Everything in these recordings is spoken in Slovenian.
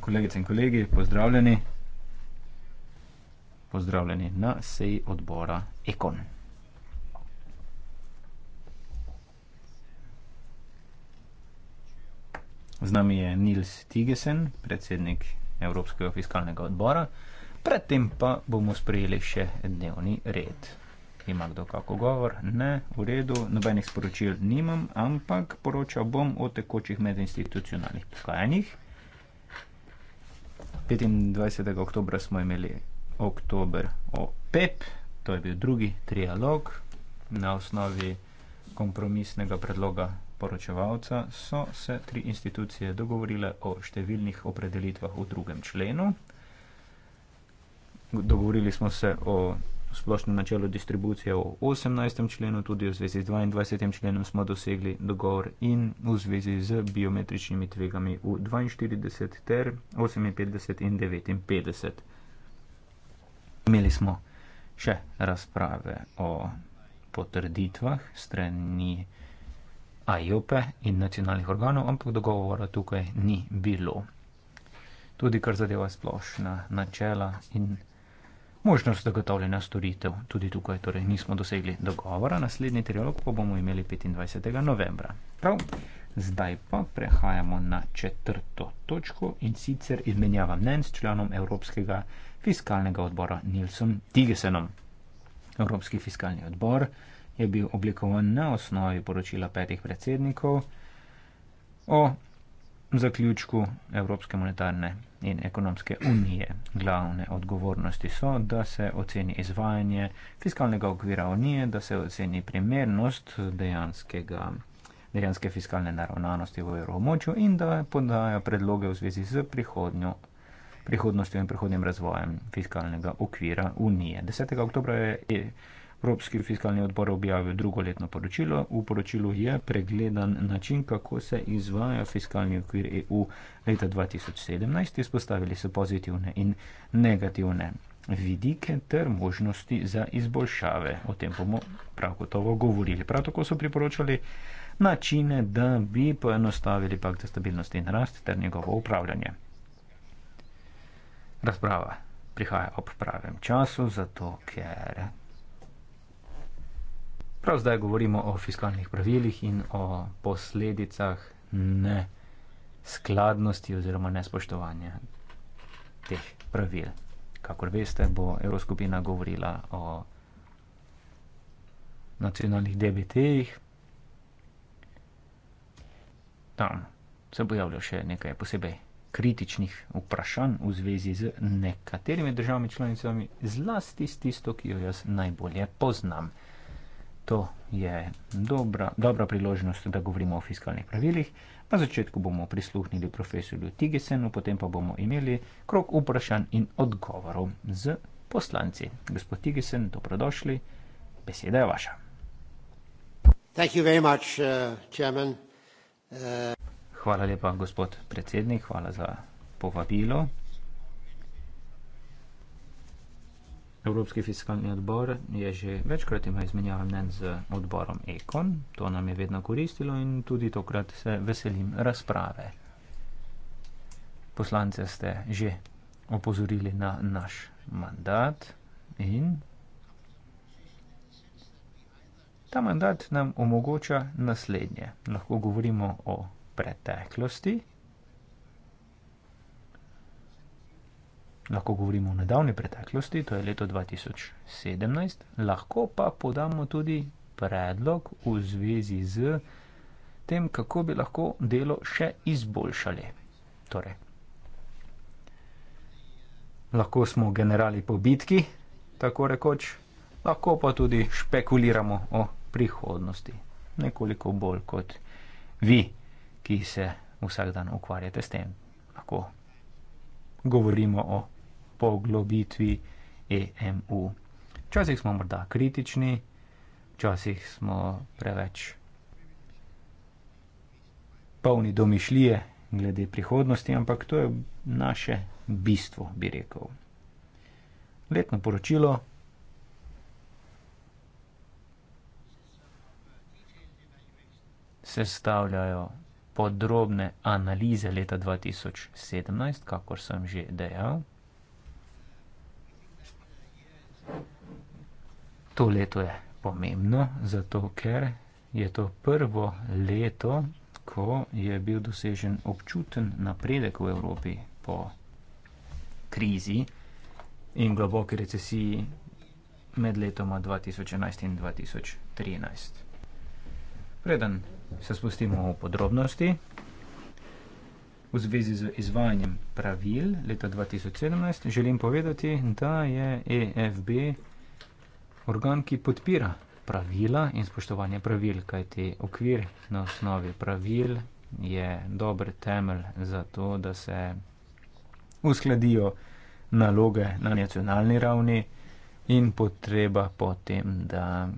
Kolegice in kolegi, pozdravljeni. Pozdravljeni na seji odbora Ekon. Z nami je Nils Tigesen, predsednik Evropskega fiskalnega odbora. Predtem pa bomo sprejeli še dnevni red ima kdo kakšen govor? Ne, v redu, nobenih sporočil nimam, ampak poročal bom o tekočih medinstitucionalnih pogajanjih. 25. oktobra smo imeli oktober o PEP, to je bil drugi trialog. Na osnovi kompromisnega predloga poročevalca so se tri institucije dogovorile o številnih opredelitvah v drugem členu. Dogovorili smo se o v splošnem načelu distribucije v 18. členu, tudi v zvezi z 22. členom smo dosegli dogovor in v zvezi z biometričnimi tvegami v 42 ter 58 in 59. Imeli smo še razprave o potrditvah strani AJOPE in nacionalnih organov, ampak dogovora tukaj ni bilo. Tudi kar zadeva splošna načela in možnost zagotovljena storitev. Tudi tukaj torej nismo dosegli dogovora, naslednji trialog pa bomo imeli 25. novembra. Prav. Zdaj pa prehajamo na četrto točko in sicer izmenjava mnenj s članom Evropskega fiskalnega odbora Nilsom Tigesenom. Evropski fiskalni odbor je bil oblikovan na osnovi poročila petih predsednikov o zaključku Evropske monetarne in ekonomske unije. Glavne odgovornosti so, da se oceni izvajanje fiskalnega okvira unije, da se oceni primernost dejanskega, dejanske fiskalne naravnanosti v evromočju in da podajo predloge v zvezi z prihodnjo prihodnostjo in prihodnjem razvojem fiskalnega okvira unije. 10. oktober je Evropski fiskalni odbor objavil drugoletno poročilo. V poročilu je pregledan način, kako se izvaja fiskalni okvir EU leta 2017. Izpostavili so pozitivne in negativne vidike ter možnosti za izboljšave. O tem bomo prav gotovo govorili. Prav tako so priporočali načine, da bi poenostavili pakt za stabilnost in rast ter njegovo upravljanje. Razprava prihaja ob pravem času, zato ker Prav zdaj govorimo o fiskalnih pravilih in o posledicah ne skladnosti oziroma nespoštovanja teh pravil. Kakor veste, bo Evroskupina govorila o nacionalnih DBT-jih. Tam se pojavlja še nekaj posebej kritičnih vprašanj v zvezi z nekaterimi državami članicami, zlasti s tisto, ki jo jaz najbolje poznam to je dobra, dobra priložnost, da govorimo o fiskalnih pravilih. Na začetku bomo prisluhnili profesorju Tigesenu, potem pa bomo imeli krok vprašanj in odgovorov z poslanci. Gospod Tigesen, dobrodošli, beseda je vaša. Uh, uh, hvala lepa, gospod predsednik, hvala za povabilo. Evropski fiskalni odbor je že večkrat imel izmenjave mnen z odborom Ekon, to nam je vedno koristilo in tudi tokrat se veselim razprave. Poslance ste že opozorili na naš mandat in ta mandat nam omogoča naslednje. Lahko govorimo o preteklosti. lahko govorimo o nedavni preteklosti, to je leto 2017, lahko pa podamo tudi predlog v zvezi z tem, kako bi lahko delo še izboljšali. Torej, lahko smo generali po bitki, tako rekoč, lahko pa tudi špekuliramo o prihodnosti, nekoliko bolj kot vi, ki se vsak dan ukvarjate s tem. Lahko govorimo o poglobitvi EMU. Včasih smo morda kritični, včasih smo preveč polni domišljije glede prihodnosti, ampak to je naše bistvo, bi rekel. Letno poročilo. Sestavljajo podrobne analize leta 2017, kakor sem že dejal. To leto je pomembno, zato ker je to prvo leto, ko je bil dosežen občuten napredek v Evropi po krizi in globoki recesiji med letoma 2011 in 2013. Preden se spustimo v podrobnosti, v zvezi z izvajanjem pravil leta 2017, želim povedati, da je EFB organ, ki podpira pravila in spoštovanje pravil, kajti okvir na osnovi pravil je dober temelj za to, da se uskladijo naloge na nacionalni ravni in potreba potem, da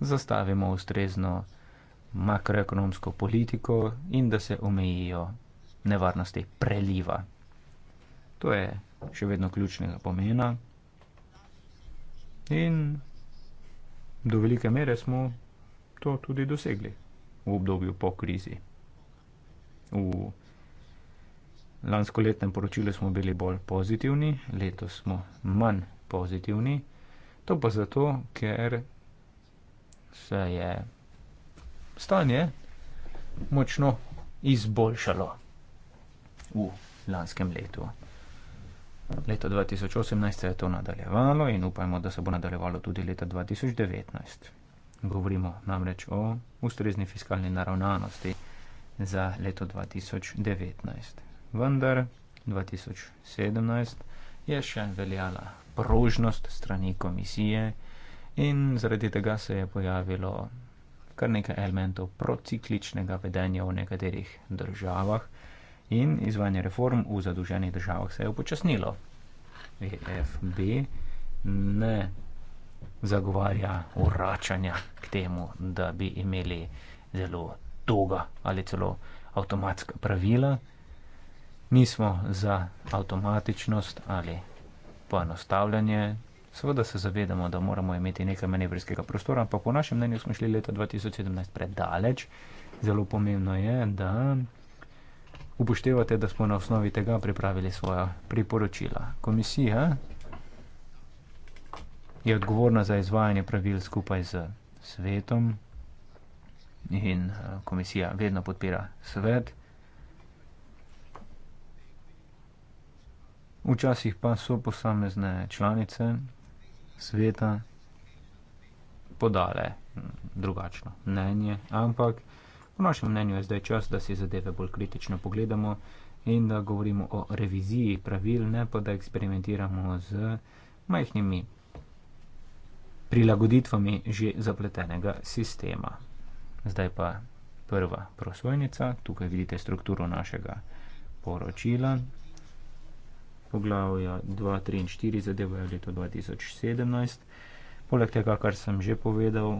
zastavimo ustrezno makroekonomsko politiko in da se omejijo nevarnosti preliva. To je še vedno ključnega pomena. In do velike mere smo to tudi dosegli v obdobju po krizi. V lansko letnem poročilu smo bili bolj pozitivni, letos smo manj pozitivni. To pa zato, ker se je stanje močno izboljšalo v lanskem letu. Leta 2018 se je to nadaljevalo in upajmo, da se bo nadaljevalo tudi leta 2019. Govorimo namreč o ustrezni fiskalni naravnanosti za leto 2019. Vendar 2017 je še veljala prožnost strani komisije in zaradi tega se je pojavilo kar nekaj elementov procikličnega vedenja v nekaterih državah in izvajanje reform v zadruženih državah se je upočasnilo. EFB ne zagovarja vračanja k temu, da bi imeli zelo toga ali celo avtomatska pravila. Nismo za avtomatičnost ali poenostavljanje. Seveda se zavedamo, da moramo imeti nekaj manevrskega prostora, ampak po našem mnenju smo šli leta 2017 predaleč. Zelo pomembno je, da upoštevate, da smo na osnovi tega pripravili svoja priporočila. Komisija je odgovorna za izvajanje pravil skupaj z svetom in eh, komisija vedno podpira svet. Včasih pa so posamezne članice sveta podale hm, drugačno mnenje, ampak Po našem mnenju je zdaj čas, da si zadeve bolj kritično pogledamo in da govorimo o reviziji pravil, ne pa da eksperimentiramo z majhnimi prilagoditvami že zapletenega sistema. Zdaj pa prva prosojnica. Tukaj vidite strukturo našega poročila. Poglavja 2, 3 in 4 zadevajo leto 2017. Poleg tega, kar sem že povedal,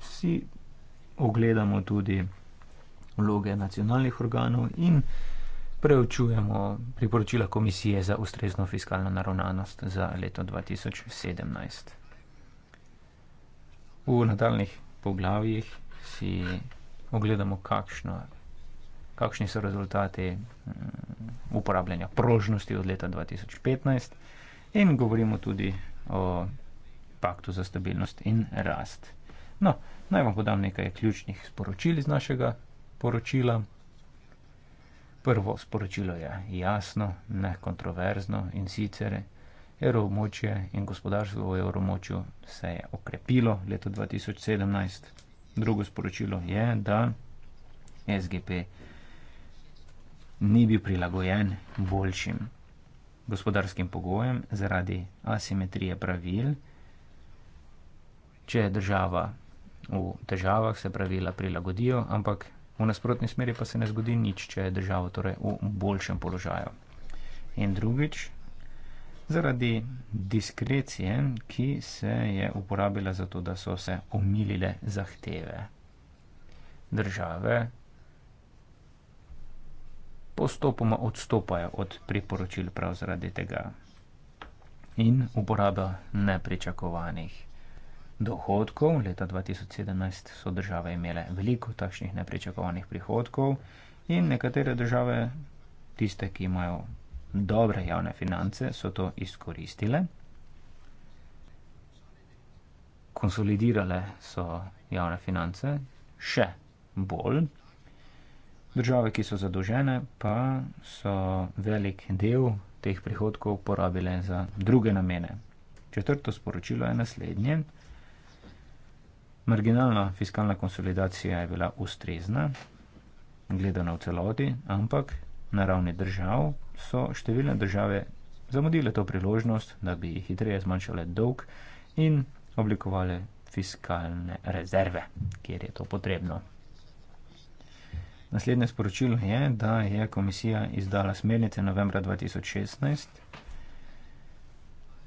si ogledamo tudi vloge nacionalnih organov in preučujemo priporočila Komisije za ustrezno fiskalno naravnanost za leto 2017. V nadaljnih poglavjih si ogledamo, kakšno, kakšni so rezultati mm, uporabljanja prožnosti od leta 2015 in govorimo tudi o paktu za stabilnost in rast. No, Naj vam podam nekaj ključnih sporočil iz našega poročila. Prvo sporočilo je jasno, nekontroverzno in sicer evromočje in gospodarstvo v evromočju se je okrepilo leto 2017. Drugo sporočilo je, da SGP ni bil prilagojen boljšim gospodarskim pogojem zaradi asimetrije pravil. Če je država v težavah, se pravila prilagodijo, ampak v nasprotni smeri pa se ne zgodi nič, če je država torej v boljšem položaju. In drugič, zaradi diskrecije, ki se je uporabila za to, da so se omilile zahteve države, postopoma odstopajo od priporočil prav zaradi tega in uporaba nepričakovanih dohodkov. Leta 2017 so države imele veliko takšnih nepričakovanih prihodkov in nekatere države, tiste, ki imajo dobre javne finance, so to izkoristile. Konsolidirale so javne finance še bolj. Države, ki so zadolžene, pa so velik del teh prihodkov porabile za druge namene. Četrto sporočilo je naslednje: Marginalna fiskalna konsolidacija je bila ustrezna, gledana v celoti, ampak na ravni držav so številne države zamudile to priložnost, da bi hitreje zmanjšale dolg in oblikovale fiskalne rezerve, kjer je to potrebno. Naslednje sporočilo je, da je komisija izdala smernice novembra 2016.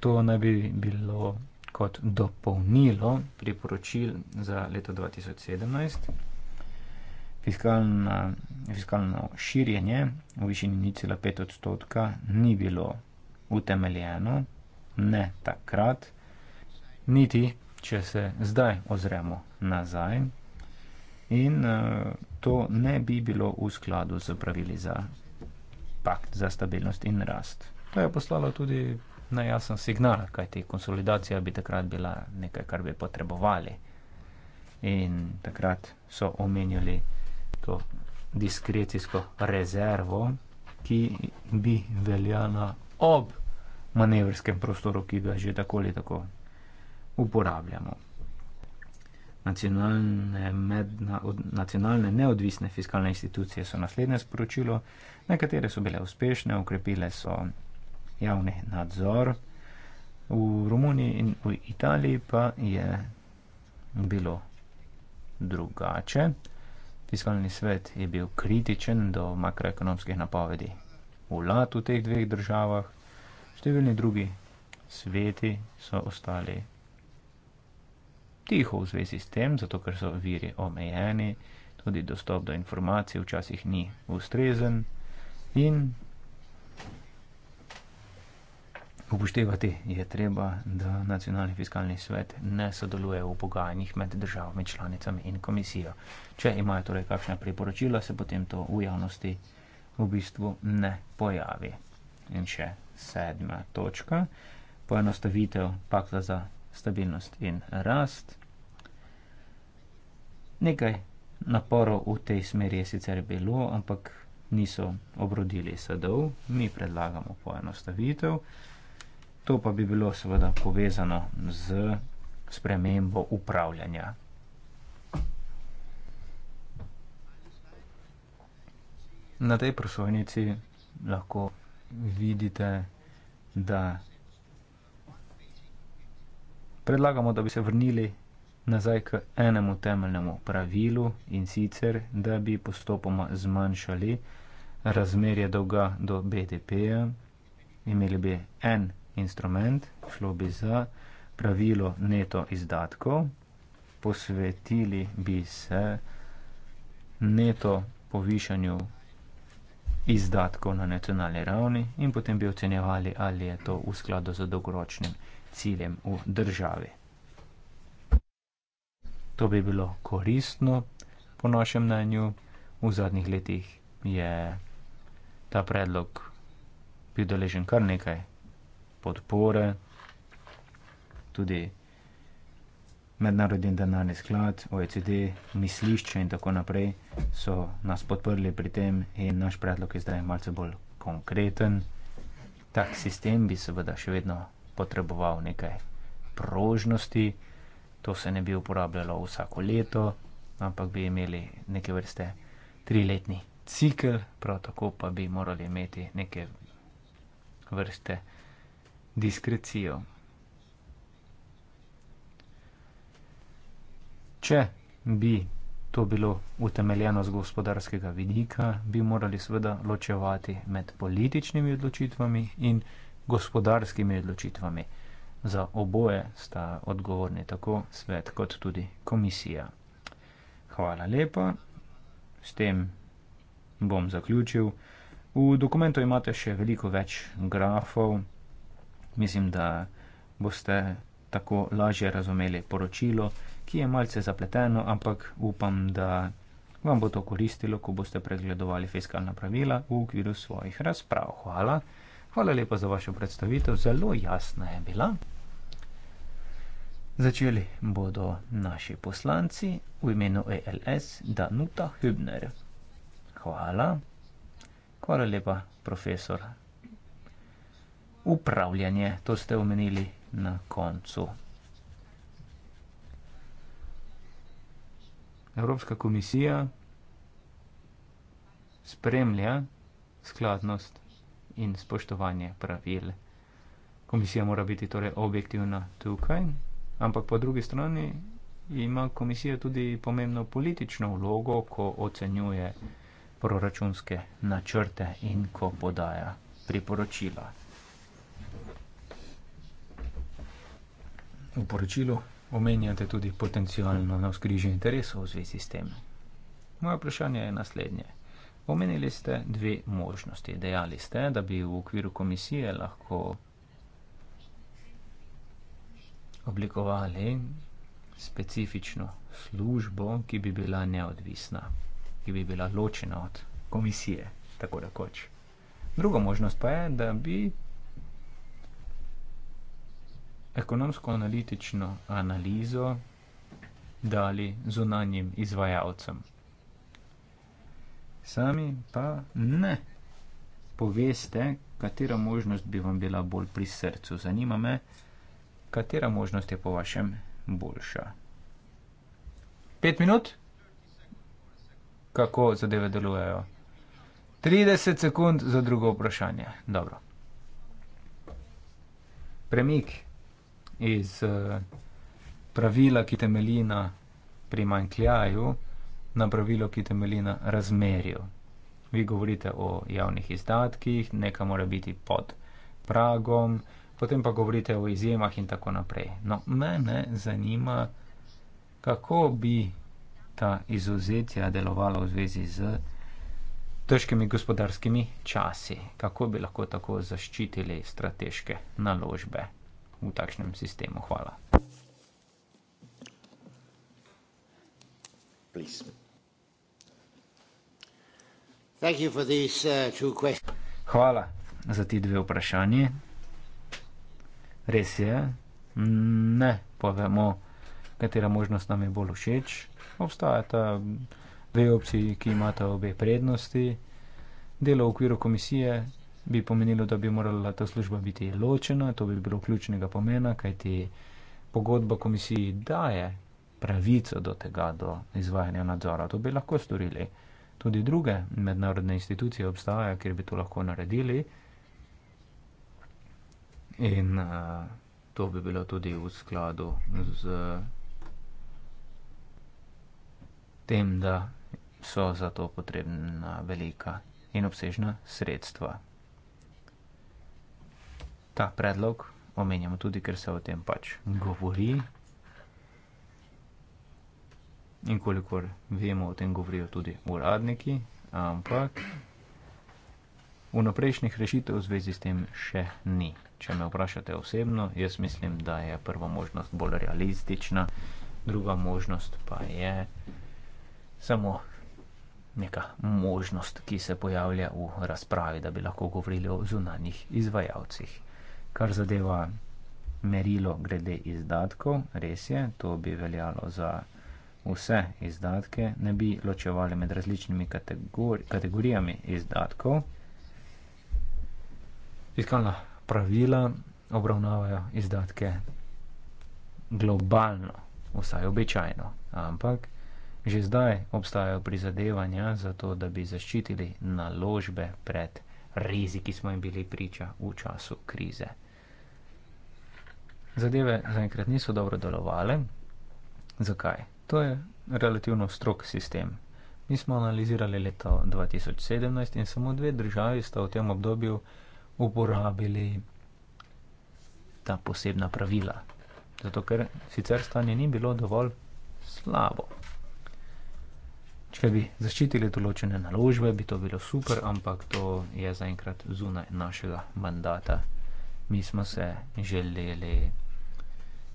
To naj bi bilo kot dopolnilo priporočil za leto 2017. Fiskalna, fiskalno širjenje v višini 0,5 odstotka ni bilo utemeljeno, ne takrat, niti če se zdaj ozremo nazaj. In eh, to ne bi bilo v skladu z pravili za pakt za stabilnost in rast. To je poslalo tudi na jasen signal, kajti konsolidacija bi takrat bila nekaj, kar bi potrebovali. In takrat so omenjali to diskrecijsko rezervo, ki bi veljala ob manevrskem prostoru, ki ga že tako ali tako uporabljamo. Nacionalne, medna, od, nacionalne neodvisne fiskalne institucije so naslednje sporočilo, nekatere so bile uspešne, ukrepile so javni nadzor. V Romuniji in v Italiji pa je bilo drugače. Fiskalni svet je bil kritičen do makroekonomskih napovedi vlad v teh dveh državah. Številni drugi sveti so ostali tiho v zvezi s tem, zato ker so viri omejeni, tudi dostop do informacij včasih ni ustrezen in upoštevati je treba, da nacionalni fiskalni svet ne sodeluje v pogajanjih med državami, članicami in komisijo. Če imajo torej kakšna priporočila, se potem to v javnosti v bistvu ne pojavi. In še sedma točka, poenostavitev pakta za stabilnost in rast. Nekaj naporov v tej smeri je sicer bilo, ampak niso obrodili sadov, mi predlagamo poenostavitev. To pa bi bilo seveda povezano z spremembo upravljanja. Na tej prosojnici lahko vidite, da predlagamo, da bi se vrnili nazaj k enemu temeljnemu pravilu in sicer, da bi postopoma zmanjšali razmerje dolga do BDP-ja, imeli bi en instrument, šlo bi za pravilo neto izdatkov, posvetili bi se neto povišanju izdatkov na nacionalni ravni in potem bi ocenjevali, ali je to v skladu z dolgoročnim ciljem v državi. To bi bilo koristno, po našem mnenju. V zadnjih letih je ta predlog bil deležen kar nekaj podpore, tudi Mednarodni denarni sklad, OECD, mislišče in tako naprej so nas podprli pri tem in naš predlog je zdaj malce bolj konkreten. Tak sistem bi seveda še vedno potreboval nekaj prožnosti, to se ne bi uporabljalo vsako leto, ampak bi imeli neke vrste triletni cikl, prav tako pa bi morali imeti neke vrste diskrecijo. Če bi to bilo utemeljeno z gospodarskega vidika, bi morali seveda ločevati med političnimi odločitvami in gospodarskimi odločitvami. Za oboje sta odgovorni tako svet kot tudi komisija. Hvala lepa, s tem bom zaključil. V dokumentu imate še veliko več grafov. Mislim, da boste tako lažje razumeli poročilo, ki je malce zapleteno, ampak upam, da vam bo to koristilo, ko boste pregledovali fiskalna pravila v okviru svojih razprav. Hvala. Hvala lepa za vašo predstavitev, zelo jasna je bila. Začeli bodo naši poslanci v imenu ELS Danuta Hübner. Hvala. Hvala lepa, profesor upravljanje, to ste omenili na koncu. Evropska komisija spremlja skladnost in spoštovanje pravil. Komisija mora biti torej objektivna tukaj, ampak po drugi strani ima komisija tudi pomembno politično vlogo, ko ocenjuje proračunske načrte in ko podaja priporočila. v poročilu omenjate tudi potencijalno na skrižju interesov v zvezi s tem. Moje vprašanje je naslednje. Omenili ste dve možnosti. Dejali ste, da bi v okviru komisije lahko oblikovali specifično službo, ki bi bila neodvisna, ki bi bila ločena od komisije, tako rekoč. Druga možnost pa je, da bi ekonomsko-analitično analizo dali zunanjim izvajalcem. Sami pa ne poveste, katera možnost bi vam bila bolj pri srcu. Zanima me, katera možnost je po vašem boljša. Pet minut? Kako zadeve delujejo? 30 sekund za drugo vprašanje. Dobro. Premik iz eh, pravila, ki temelji na primankljaju, na pravilo, ki temelji na razmerju. Vi govorite o javnih izdatkih, neka mora biti pod pragom, potem pa govorite o izjemah in tako naprej. No, mene zanima, kako bi ta izuzetja delovala v zvezi z težkimi gospodarskimi časi, kako bi lahko tako zaščitili strateške naložbe v takšnem sistemu. Hvala. Uh, Hvala za ti dve vprašanji. Res je, ne povemo, katera možnost nam je bolj všeč. Obstajata dve opciji, ki imata obe prednosti. Delo v okviru komisije bi pomenilo, da bi morala ta služba biti ločena, to bi bilo ključnega pomena, kajti pogodba komisiji daje pravico do tega, do izvajanja nadzora. To bi lahko storili. Tudi druge mednarodne institucije obstajajo, kjer bi to lahko naredili. In uh, to bi bilo tudi v skladu z tem, da so za to potrebna velika in obsežna sredstva ta predlog omenjamo tudi, ker se o tem pač govori. In kolikor vemo, o tem govorijo tudi uradniki, ampak vnaprejšnjih rešitev v zvezi s tem še ni. Če me vprašate osebno, jaz mislim, da je prva možnost bolj realistična, druga možnost pa je samo neka možnost, ki se pojavlja v razpravi, da bi lahko govorili o zunanjih izvajalcih kar zadeva merilo glede izdatkov, res je, to bi veljalo za vse izdatke, ne bi ločevali med različnimi kategori, kategorijami izdatkov. Fiskalna pravila obravnavajo izdatke globalno, vsaj običajno, ampak že zdaj obstajajo prizadevanja za to, da bi zaščitili naložbe pred izdatkov rezi, ki smo jim bili priča v času krize. Zadeve zaenkrat niso dobro delovale. Zakaj? To je relativno strok sistem. Mi smo analizirali leto 2017 in samo dve državi sta v tem obdobju uporabili ta posebna pravila. Zato ker sicer stanje ni bilo dovolj slabo. Če bi zaščitili določene naložbe, bi to bilo super, ampak to je zaenkrat zunaj našega mandata. Mi smo se želeli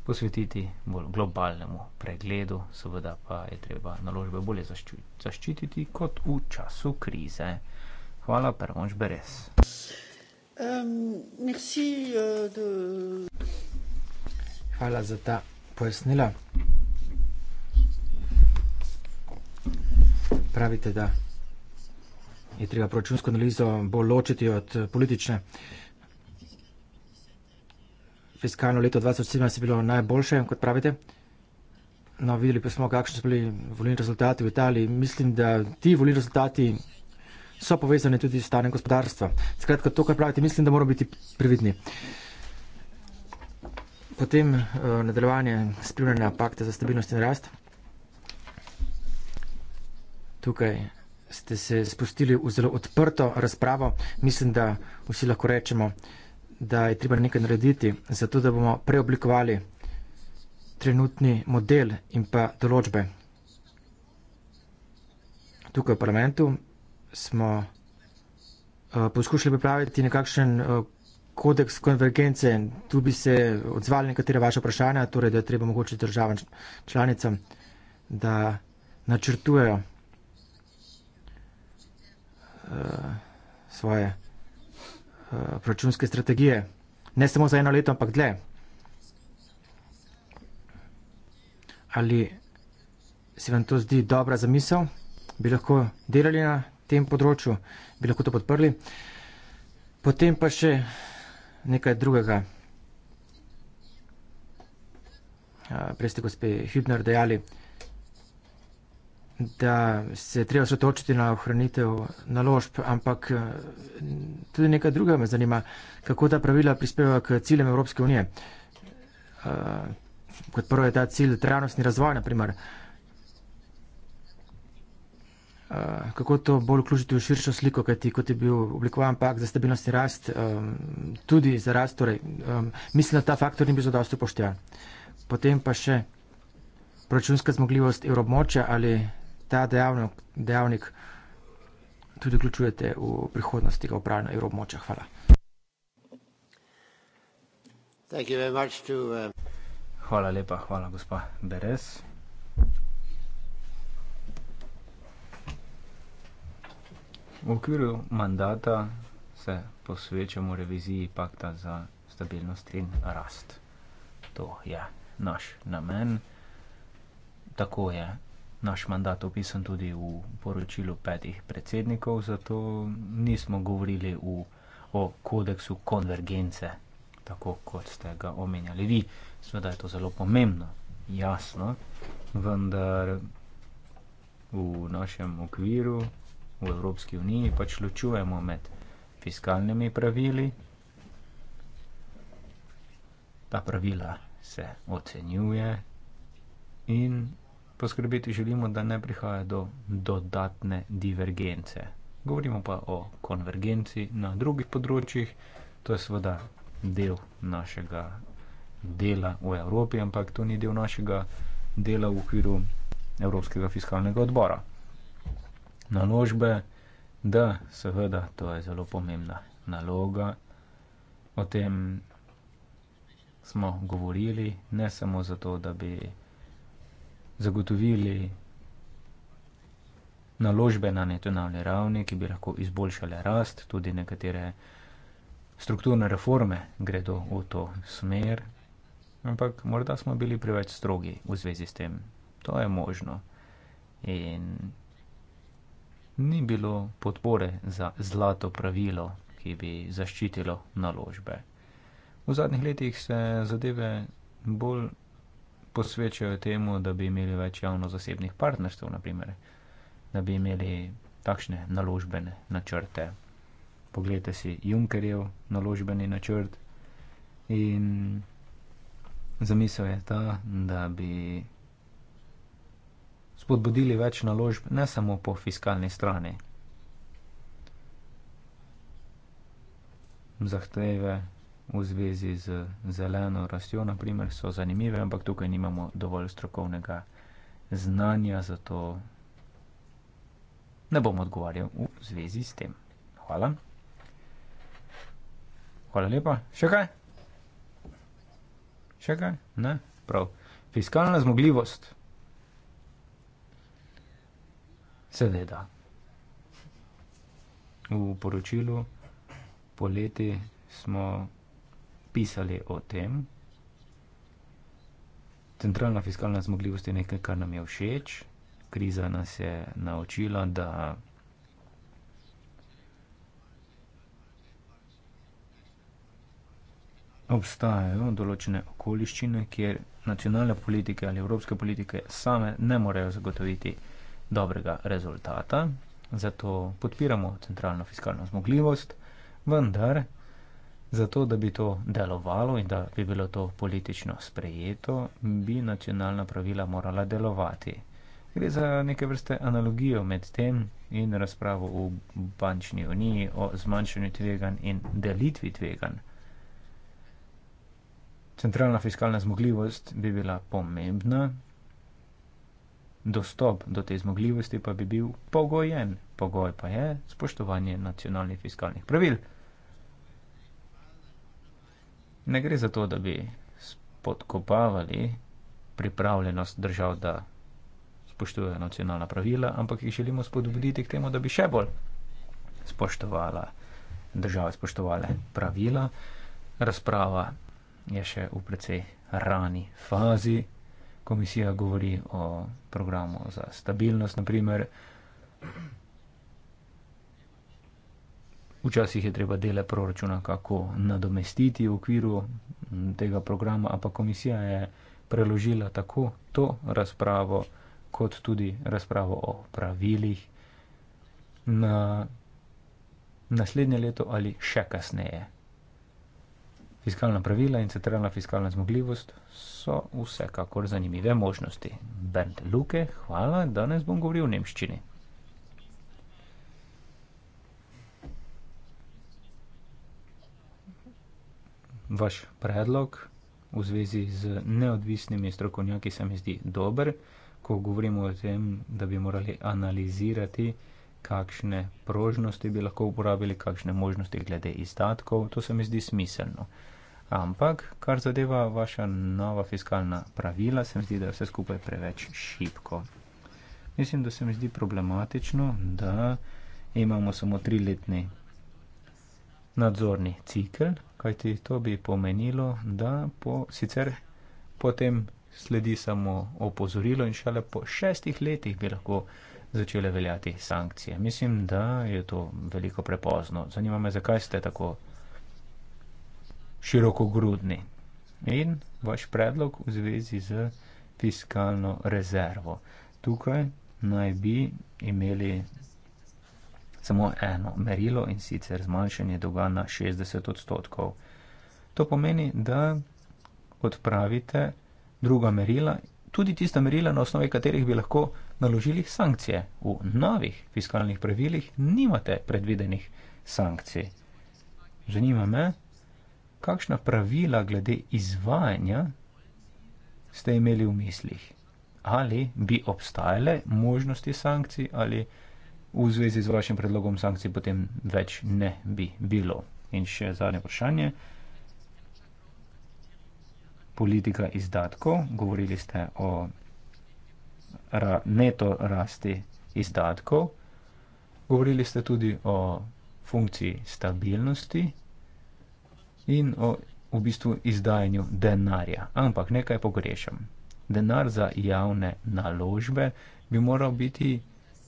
posvetiti bolj globalnemu pregledu, seveda pa je treba naložbe bolje zaščiti, zaščititi kot v času krize. Hvala, Permoš Beres. Um, merci, uh, de... Hvala za ta pojasnila. pravite, da je treba proračunsko analizo bolj ločiti od eh, politične. Fiskalno leto 2017 je bilo najboljše, kot pravite. No, videli pa smo, kakšni so bili volilni rezultati v Italiji. Mislim, da ti volilni rezultati so povezani tudi s stanjem gospodarstva. Skratka, to, kar pravite, mislim, da moramo biti previdni. Potem uh, nadaljevanje spremljanja pakta za stabilnost in rast tukaj ste se spustili v zelo odprto razpravo. Mislim, da vsi lahko rečemo, da je treba nekaj narediti, zato da bomo preoblikovali trenutni model in pa določbe. Tukaj v parlamentu smo uh, poskušali pripraviti nekakšen uh, kodeks konvergence. Tu bi se odzvali nekatere vaše vprašanja, torej da je treba mogoče državam članicam, da načrtujejo uh, svoje uh, proračunske strategije. Ne samo za eno leto, ampak dlje. Ali se vam to zdi dobra zamisel, bi lahko delali na tem področju, bi lahko to podprli. Potem pa še nekaj drugega. Uh, prej ste, gospe Hübner, dejali, da se je treba sotočiti na ohranitev naložb, ampak eh, tudi nekaj druga me zanima, kako ta pravila prispeva k ciljem Evropske unije. Eh, kot prvo je ta cilj trajnostni razvoj, naprimer. Eh, kako to bolj vključiti v širšo sliko, kajti kot je bil oblikovan pak za stabilnost in rast, tudi za rast, torej, mislim, da ta faktor ni bil zadosto upoštevan. Potem pa še. Proračunska zmogljivost evrobmoča ali ta dejavnik, dejavnik tudi vključujete v prihodnost tega upravljanja evroobmočja. Hvala. Uh, hvala lepa, hvala gospa Beres. V okviru mandata se posvečamo reviziji pakta za stabilnost in rast. To je naš namen. Tako je naš mandat opisan tudi v poročilu petih predsednikov, zato nismo govorili v, o kodeksu konvergence, tako kot ste ga omenjali vi. Sveda je to zelo pomembno, jasno, vendar v našem okviru, v Evropski uniji, pač ločujemo med fiskalnimi pravili. Ta pravila se ocenjuje in poskrbeti želimo, da ne prihaja do dodatne divergence. Govorimo pa o konvergenci na drugih področjih, to je seveda del našega dela v Evropi, ampak to ni del našega dela v okviru Evropskega fiskalnega odbora. Naložbe, da seveda to je zelo pomembna naloga, o tem smo govorili, ne samo zato, da bi zagotovili naložbe na nacionalni ravni, ki bi lahko izboljšale rast, tudi nekatere strukturne reforme gredo v to smer, ampak morda smo bili preveč strogi v zvezi s tem. To je možno. In ni bilo podpore za zlato pravilo, ki bi zaščitilo naložbe. V zadnjih letih se zadeve bolj posvečajo temu, da bi imeli več javno-zasebnih partnerstv, naprimer, da bi imeli takšne naložbene načrte. Poglejte si Junckerjev naložbeni načrt in zamisel je ta, da bi spodbudili več naložb ne samo po fiskalni strani. Zahteve v zvezi z zeleno rastjo, naprimer, so zanimive, ampak tukaj nimamo dovolj strokovnega znanja, zato ne bom odgovarjal v zvezi s tem. Hvala. Hvala lepa. Še kaj? Še kaj? Ne? Prav. Fiskalna zmogljivost. Seveda. V poročilu poleti smo pisali o tem. Centralna fiskalna zmogljivost je nekaj, kar nam je všeč. Kriza nas je naučila, da obstajajo določene okoliščine, kjer nacionalne politike ali evropske politike same ne morejo zagotoviti dobrega rezultata. Zato podpiramo centralno fiskalno zmogljivost, vendar. Zato, da bi to delovalo in da bi bilo to politično sprejeto, bi nacionalna pravila morala delovati. Gre za neke vrste analogijo med tem in razpravo v bančni uniji o zmanjšanju tvegan in delitvi tvegan. Centralna fiskalna zmogljivost bi bila pomembna, dostop do te zmogljivosti pa bi bil pogojen. Pogoj pa je spoštovanje nacionalnih fiskalnih pravil ne gre za to, da bi podkopavali pripravljenost držav, da spoštujejo nacionalna pravila, ampak jih želimo spodbuditi k temu, da bi še bolj spoštovala države, spoštovale pravila. Razprava je še v precej rani fazi. Komisija govori o programu za stabilnost, naprimer. Včasih je treba dele proračuna kako nadomestiti v okviru tega programa, ampak komisija je preložila tako to razpravo, kot tudi razpravo o pravilih na naslednje leto ali še kasneje. Fiskalna pravila in centralna fiskalna zmogljivost so vsekakor zanimive možnosti. Bernd Luke, hvala, danes bom govoril v nemščini. vaš predlog v zvezi z neodvisnimi strokovnjaki se mi zdi dober, ko govorimo o tem, da bi morali analizirati, kakšne prožnosti bi lahko uporabili, kakšne možnosti glede izdatkov. To se mi zdi smiselno. Ampak, kar zadeva vaša nova fiskalna pravila, se mi zdi, da je vse skupaj preveč šipko. Mislim, da se mi zdi problematično, da imamo samo triletni nadzorni cikl, kajti to bi pomenilo, da po, sicer potem sledi samo opozorilo in šele po šestih letih bi lahko začele veljati sankcije. Mislim, da je to veliko prepozno. Zanima me, zakaj ste tako široko grudni. In vaš predlog v zvezi z fiskalno rezervo. Tukaj naj bi imeli samo eno merilo in sicer zmanjšanje dolga na 60 odstotkov. To pomeni, da odpravite druga merila, tudi tista merila, na osnovi katerih bi lahko naložili sankcije. V novih fiskalnih pravilih nimate predvidenih sankcij. Zanima me, kakšna pravila glede izvajanja ste imeli v mislih? Ali bi obstajale možnosti sankcij ali sankcij? v zvezi z vašim predlogom sankcij potem več ne bi bilo. In še zadnje vprašanje. Politika izdatkov. Govorili ste o ra neto rasti izdatkov. Govorili ste tudi o funkciji stabilnosti in o v bistvu izdajanju denarja. Ampak nekaj pogrešam. Denar za javne naložbe bi moral biti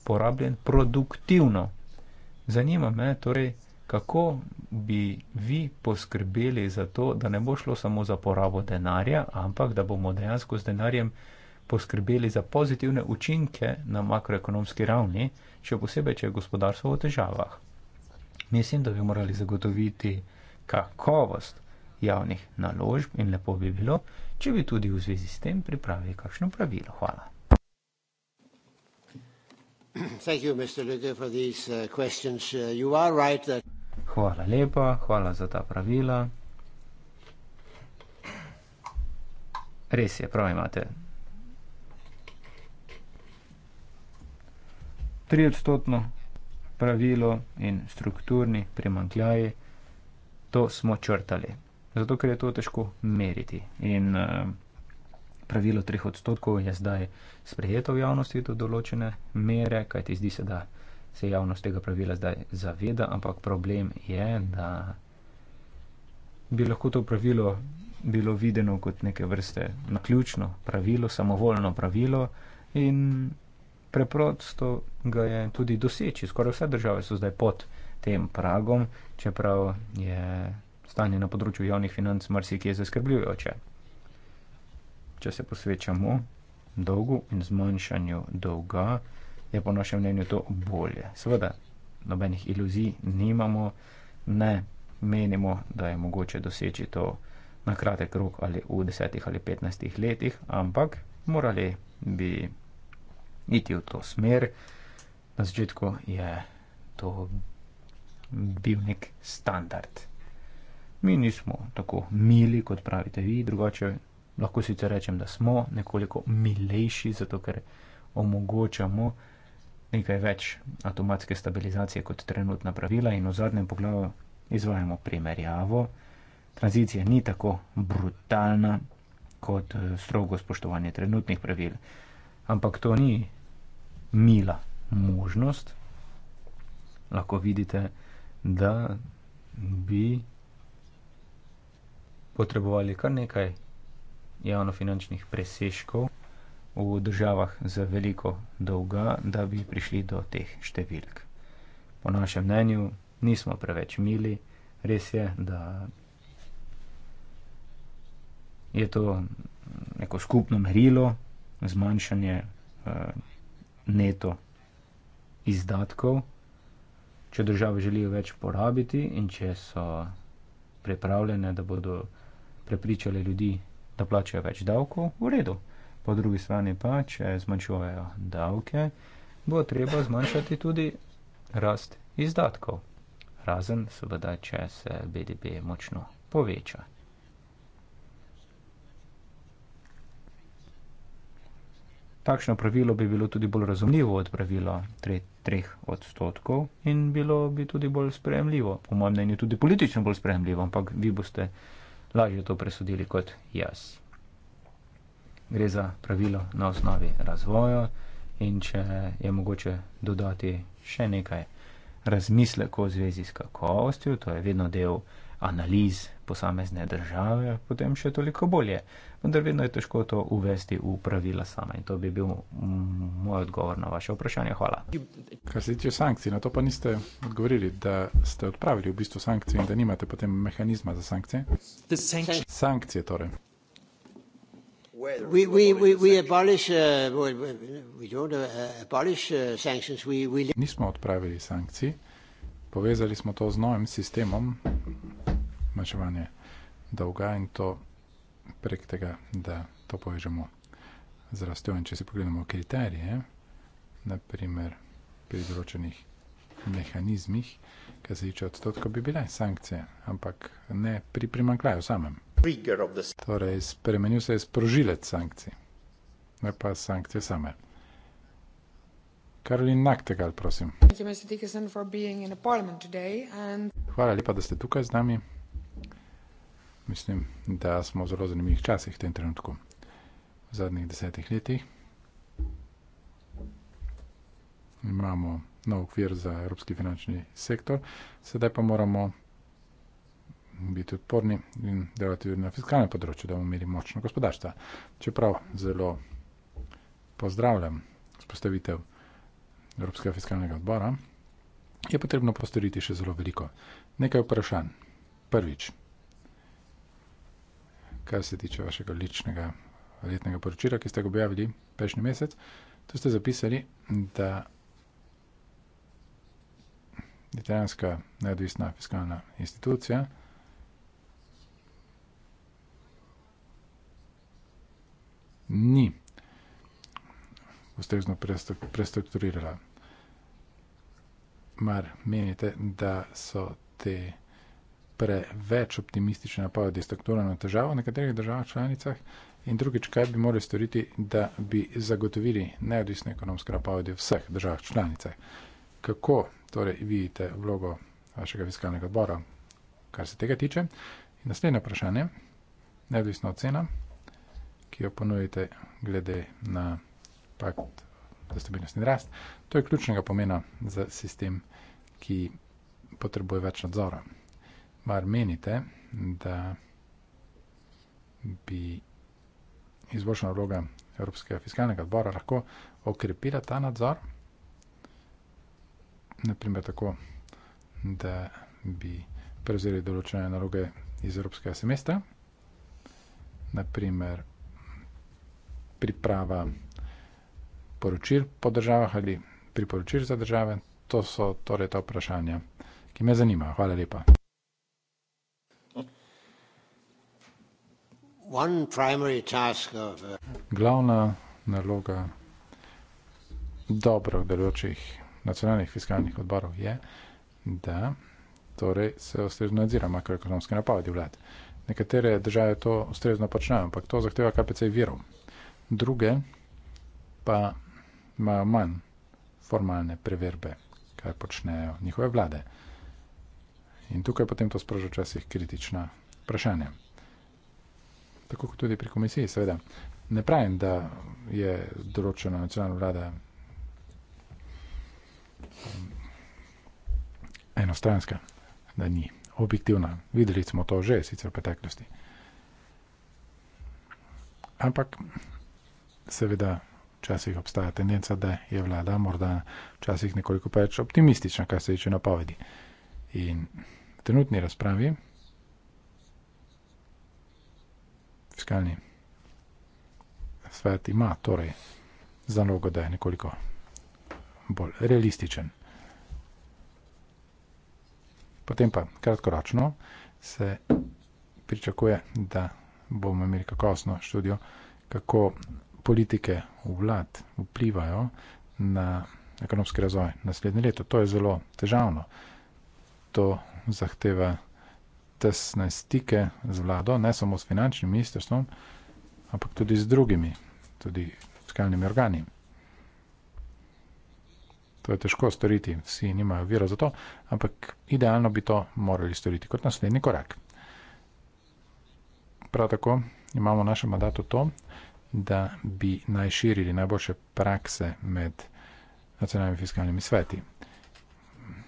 porabljen produktivno. Zanima me torej, kako bi vi poskrbeli za to, da ne bo šlo samo za porabo denarja, ampak da bomo dejansko z denarjem poskrbeli za pozitivne učinke na makroekonomski ravni, še posebej, če je gospodarstvo v težavah. Mislim, da bi morali zagotoviti kakovost javnih naložb in lepo bi bilo, če bi tudi v zvezi s tem pripravili kakšno pravilo. Hvala. Thank you, Mr. Lüge, for these uh, questions. Uh, you are right that. Hvala lepa, hvala za ta pravila. Res je, prav imate. Triodstotno pravilo in strukturni primankljaji, to smo črtali, zato ker je to težko meriti. In, uh, pravilo 3 odstotkov je zdaj sprejeto v javnosti do določene mere, kajti zdi se, da se javnost tega pravila zdaj zaveda, ampak problem je, da bi lahko to pravilo bilo videno kot neke vrste naključno pravilo, samovoljno pravilo in preprosto ga je tudi doseči. Skoraj vse države so zdaj pod tem pragom, čeprav je stanje na področju javnih financ marsikje zaskrbljujoče če se posvečamo dolgu in zmanjšanju dolga, je po našem mnenju to bolje. Seveda, nobenih iluzij nimamo, ne menimo, da je mogoče doseči to na kratek rok ali v desetih ali petnajstih letih, ampak morali bi iti v to smer. Na začetku je to bil nek standard. Mi nismo tako mili, kot pravite vi, drugače lahko sicer rečem, da smo nekoliko milejši, zato ker omogočamo nekaj več avtomatske stabilizacije kot trenutna pravila in v zadnjem poglavju izvajamo primerjavo. Tranzicija ni tako brutalna kot eh, strogo spoštovanje trenutnih pravil, ampak to ni mila možnost. Lahko vidite, da bi potrebovali kar nekaj javnofinančnih preseškov v državah za veliko dolga, da bi prišli do teh številk. Po našem mnenju nismo preveč mili, res je, da je to neko skupno merilo, zmanjšanje eh, neto izdatkov. Če države želijo več porabiti in če so pripravljene, da bodo prepričale ljudi, da plačajo več davkov, v redu. Po drugi strani pa, če zmanjšujejo davke, bo treba zmanjšati tudi rast izdatkov. Razen, seveda, če se BDP močno poveča. Takšno pravilo bi bilo tudi bolj razumljivo od pravila 3 odstotkov in bilo bi tudi bolj spremljivo, po mojem mnenju tudi politično bolj spremljivo, ampak vi boste lažje to presodili kot jaz. Gre za pravilo na osnovi razvoja in če je mogoče dodati še nekaj razmisleko v zvezi s kakovostjo, to je vedno del analiz posamezne države, potem še toliko bolje. Vendar vedno je težko to uvesti v pravila sama in to bi bil moj odgovor na vaše vprašanje. Hvala. Kar se tiče sankcij, na to pa niste odgovorili, da ste odpravili v bistvu sankcije in da nimate potem mehanizma za sankcije. Sankcije torej. Nismo odpravili sankcij, povezali smo to z novim sistemom, zmanjševanje dolga in to prek tega, da to povežemo z rastjo. In če si pogledamo kriterije, naprimer pri določenih mehanizmih, kar se tiče odstotka, bi bile sankcije, ampak ne pri primankljaju samem. Torej, spremenil se je sprožilec sankcij, ne pa sankcije same. Karolin Naktegal, prosim. Hvala lepa, da ste tukaj z nami mislim, da smo v zelo zanimivih časih v tem trenutku, v zadnjih desetih letih. Imamo nov okvir za evropski finančni sektor, sedaj pa moramo biti odporni in delati tudi na fiskalnem področju, da bomo imeli močno gospodarstvo. Čeprav zelo pozdravljam spostavitev Evropskega fiskalnega odbora, je potrebno postoriti še zelo veliko. Nekaj vprašanj. Prvič, kar se tiče vašega ličnega letnega poročila, ki ste ga objavili prejšnji mesec. Tu ste zapisali, da italijanska neodvisna fiskalna institucija ni ustrezno prestrukturirala. Mar menite, da so te preveč optimistične napovedi strukturalno težavo v nekaterih državah članicah in drugič, kaj bi morali storiti, da bi zagotovili neodvisne ekonomske napovedi vseh državah članicah. Kako torej vidite vlogo vašega fiskalnega odbora, kar se tega tiče? In naslednje vprašanje, neodvisna ocena, ki jo ponujete glede na pakt za stabilnost in rast, to je ključnega pomena za sistem, ki potrebuje več nadzora mar menite, da bi izboljšana vloga Evropskega fiskalnega odbora lahko okrepila ta nadzor? Naprimer tako, da bi prevzeli določene naloge iz Evropskega semestra, naprimer priprava poročil po državah ali priporočil za države, to so torej ta vprašanja, ki me zanimajo. Hvala lepa. Uh, Glavna naloga dobro delujočih nacionalnih fiskalnih odborov je, da torej, se ustrezno nadzira makroekonomske napovedi vlad. Nekatere države to ustrezno počnejo, ampak to zahteva KPC virov. Druge pa imajo manj formalne preverbe, kaj počnejo njihove vlade. In tukaj potem to sproža včasih kritična vprašanja tako kot tudi pri komisiji, seveda. Ne pravim, da je določena nacionalna vlada um, enostranska, da ni objektivna. Videli smo to že, sicer v preteklosti. Ampak, seveda, včasih obstaja tendenca, da je vlada morda včasih nekoliko preveč optimistična, kar se tiče napovedi. In trenutni razpravi. fiskalni svet ima torej za nalogo, da je nekoliko bolj realističen. Potem pa kratkoročno se pričakuje, da bomo imeli kakosno študijo, kako politike vlad vplivajo na ekonomski razvoj naslednje leto. To je zelo težavno. To zahteva tesne stike z vlado, ne samo s finančnim ministrstvom, ampak tudi z drugimi, tudi fiskalnimi organi. To je težko storiti, vsi nimajo vira za to, ampak idealno bi to morali storiti kot naslednji korak. Prav tako imamo v našem mandatu to, da bi najširili najboljše prakse med nacionalnimi fiskalnimi sveti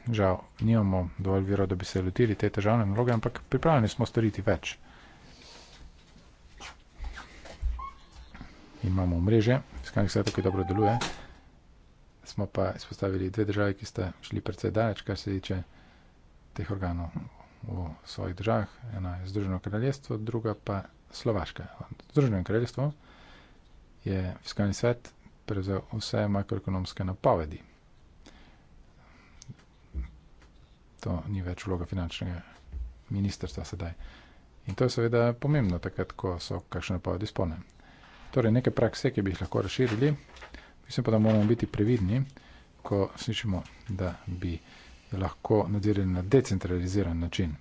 žal, nimamo dovolj virov, da bi se lotili te težavne naloge, ampak pripravljeni smo storiti več. Imamo mreže, skanj vse tukaj dobro deluje. Smo pa izpostavili dve države, ki ste šli precej daleč, kar se tiče teh organov v svojih državah. Ena je Združeno kraljestvo, druga pa Slovaška. Združeno kraljestvo je fiskalni svet prevzel vse makroekonomske napovedi. to ni več vloga finančnega ministrstva sedaj. In to je seveda pomembno, takrat, ko so kakšne napovedi spone. Torej, neke prakse, ki bi jih lahko razširili, mislim pa, da moramo biti previdni, ko slišimo, da bi lahko nadzirali na decentraliziran način.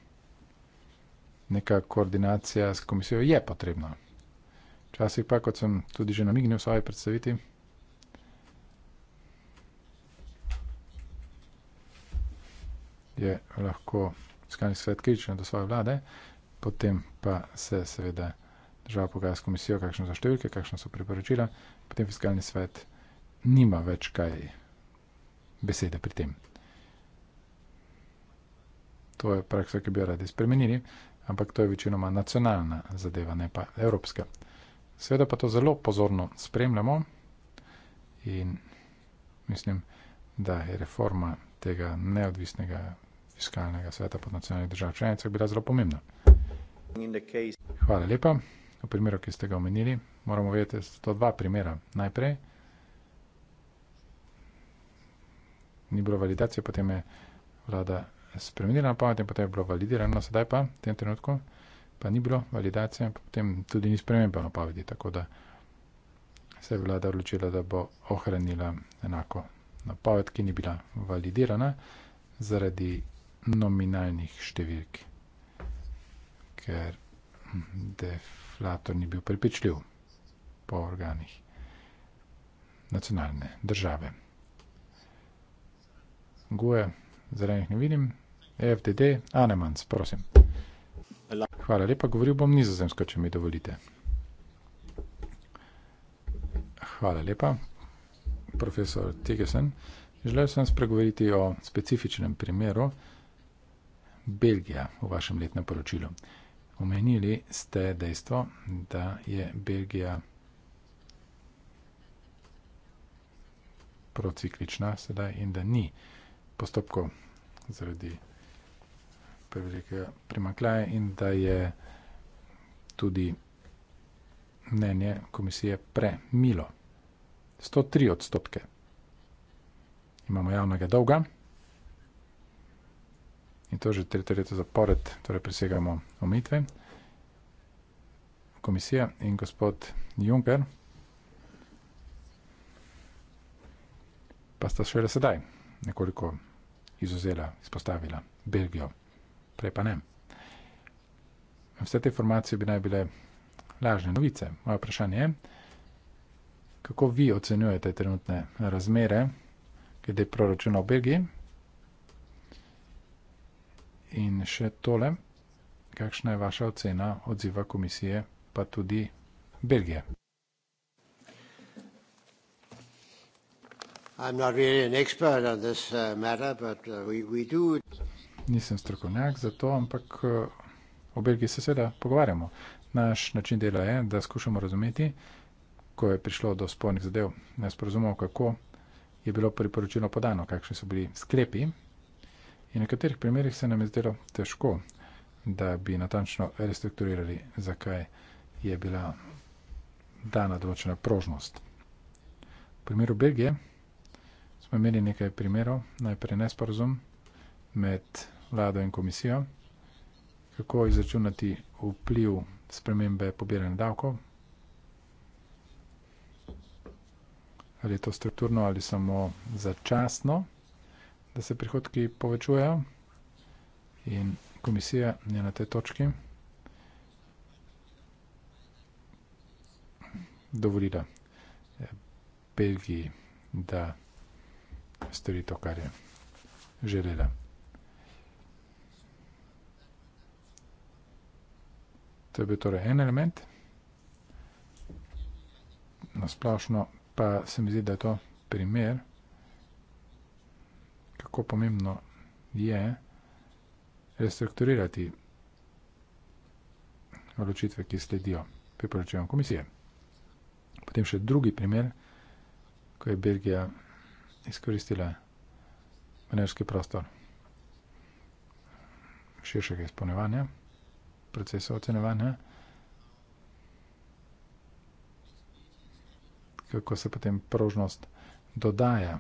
Neka koordinacija s komisijo je potrebna. Včasih pa, kot sem tudi že namignil v svoji predstaviti, je lahko fiskalni svet kritičen do svoje vlade, potem pa se seveda država pogaja s komisijo, kakšne so številke, kakšne so priporočila, potem fiskalni svet nima več kaj besede pri tem. To je praksa, ki bi jo radi spremenili, ampak to je večinoma nacionalna zadeva, ne pa evropska. Seveda pa to zelo pozorno spremljamo in mislim, da je reforma tega neodvisnega fiskalnega sveta pod nacionalnih držav članicah bila zelo pomembna. Hvala lepa. V primeru, ki ste ga omenili, moramo vedeti, da so to dva primera. Najprej ni bilo validacije, potem je vlada spremenila napoved in potem je bilo validirano, sedaj pa v tem trenutku pa ni bilo validacije, potem tudi ni spremenila napovedi, tako da se je vlada odločila, da bo ohranila enako napoved, ki ni bila validirana zaradi nominalnih številk, ker hm, deflator ni bil prepečljiv po organih nacionalne države. Guje, zelenih ne vidim, e FDD, Anemans, prosim. Hvala lepa, govoril bom nizozemsko, če mi dovolite. Hvala lepa, profesor Tigesen. Želel sem spregovoriti o specifičnem primeru, Belgija v vašem letnem poročilu. Omenili ste dejstvo, da je Belgija prociklična sedaj in da ni postopkov zaradi prevelikega primakljaja in da je tudi mnenje komisije premilo. 103 odstotke imamo javnega dolga in to že tretje leto zapored, torej presegamo omitve. Komisija in gospod Juncker pa sta šele sedaj nekoliko izuzela, izpostavila Belgijo, prej pa ne. Vse te informacije bi naj bile lažne novice. Moje vprašanje je, kako vi ocenjujete trenutne razmere, glede proračuna v Belgiji, In še tole, kakšna je vaša ocena odziva komisije, pa tudi Belgije? Really this, uh, matter, but, uh, we, we do... Nisem strokovnjak za to, ampak uh, o Belgiji se seveda pogovarjamo. Naš način dela je, da skušamo razumeti, ko je prišlo do spornih zadev, ne sporozumemo, kako je bilo priporočilo podano, kakšni so bili sklepi In v nekaterih primerjih se nam je zdelo težko, da bi natančno restrukturirali, zakaj je bila dana določena prožnost. V primeru Belgije smo imeli nekaj primerov, najprej nesporazum med vlado in komisijo, kako izračunati vpliv spremembe pobiranja davkov, ali je to strukturno ali samo začasno da se prihodki povečujejo in komisija je na tej točki dovolila eh, Belgiji, da stori to, kar je želela. To je bil torej en element, nasplašno pa se mi zdi, da je to primer, da je to primer, kako pomembno je restrukturirati odločitve, ki sledijo priporočujem komisije. Potem še drugi primer, ko je Belgija izkoristila manevrski prostor širšega izpolnevanja, procesa ocenevanja, kako se potem prožnost dodaja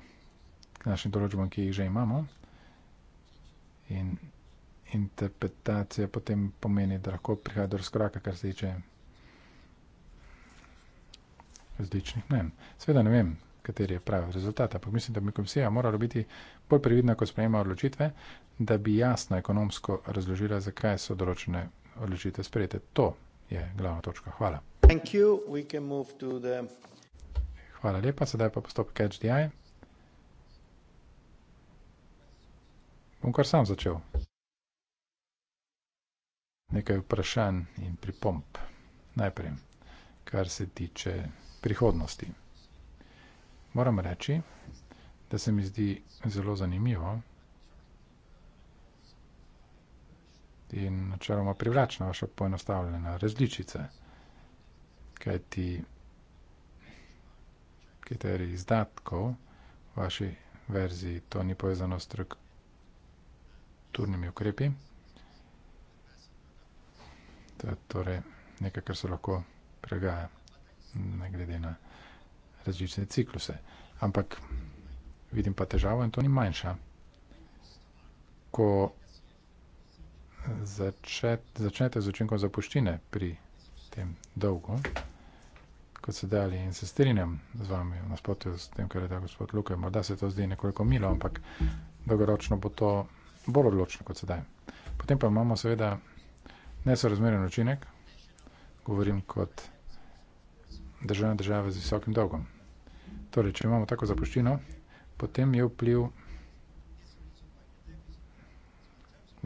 k našim določbam, ki jih že imamo. In interpretacija potem pomeni, da lahko prihaja do razkoraka, kar se tiče različnih mnen. Sveda ne vem, kateri je pravi rezultat, ampak mislim, da bi komisija morala biti bolj previdna, ko sprejema odločitve, da bi jasno ekonomsko razložila, zakaj so določene odločitve sprejete. To je glavna točka. Hvala. Hvala lepa, sedaj pa postopek HDI. Bom kar sam začel. Nekaj vprašanj in pripomp. Najprej, kar se tiče prihodnosti. Moram reči, da se mi zdi zelo zanimivo in načeloma privlačna vaša poenostavljena različica, kajti kateri izdatkov v vaši verziji to ni povezano s strukturo kulturnimi ukrepi. To je torej nekaj, kar se lahko pregaja, ne glede na različne cikluse. Ampak vidim pa težavo in to ni manjša. Ko začet, začnete z učinkom zapuščine pri tem dolgu, kot se dali in se strinjam z vami v nasprotju s tem, kar je ta gospod Luka, morda se to zdi nekoliko milo, ampak dolgoročno bo to bolj odločno kot sedaj. Potem pa imamo seveda nesorazmeren učinek, govorim kot državna država z visokim dolgom. Torej, če imamo tako zapuščino, potem je vpliv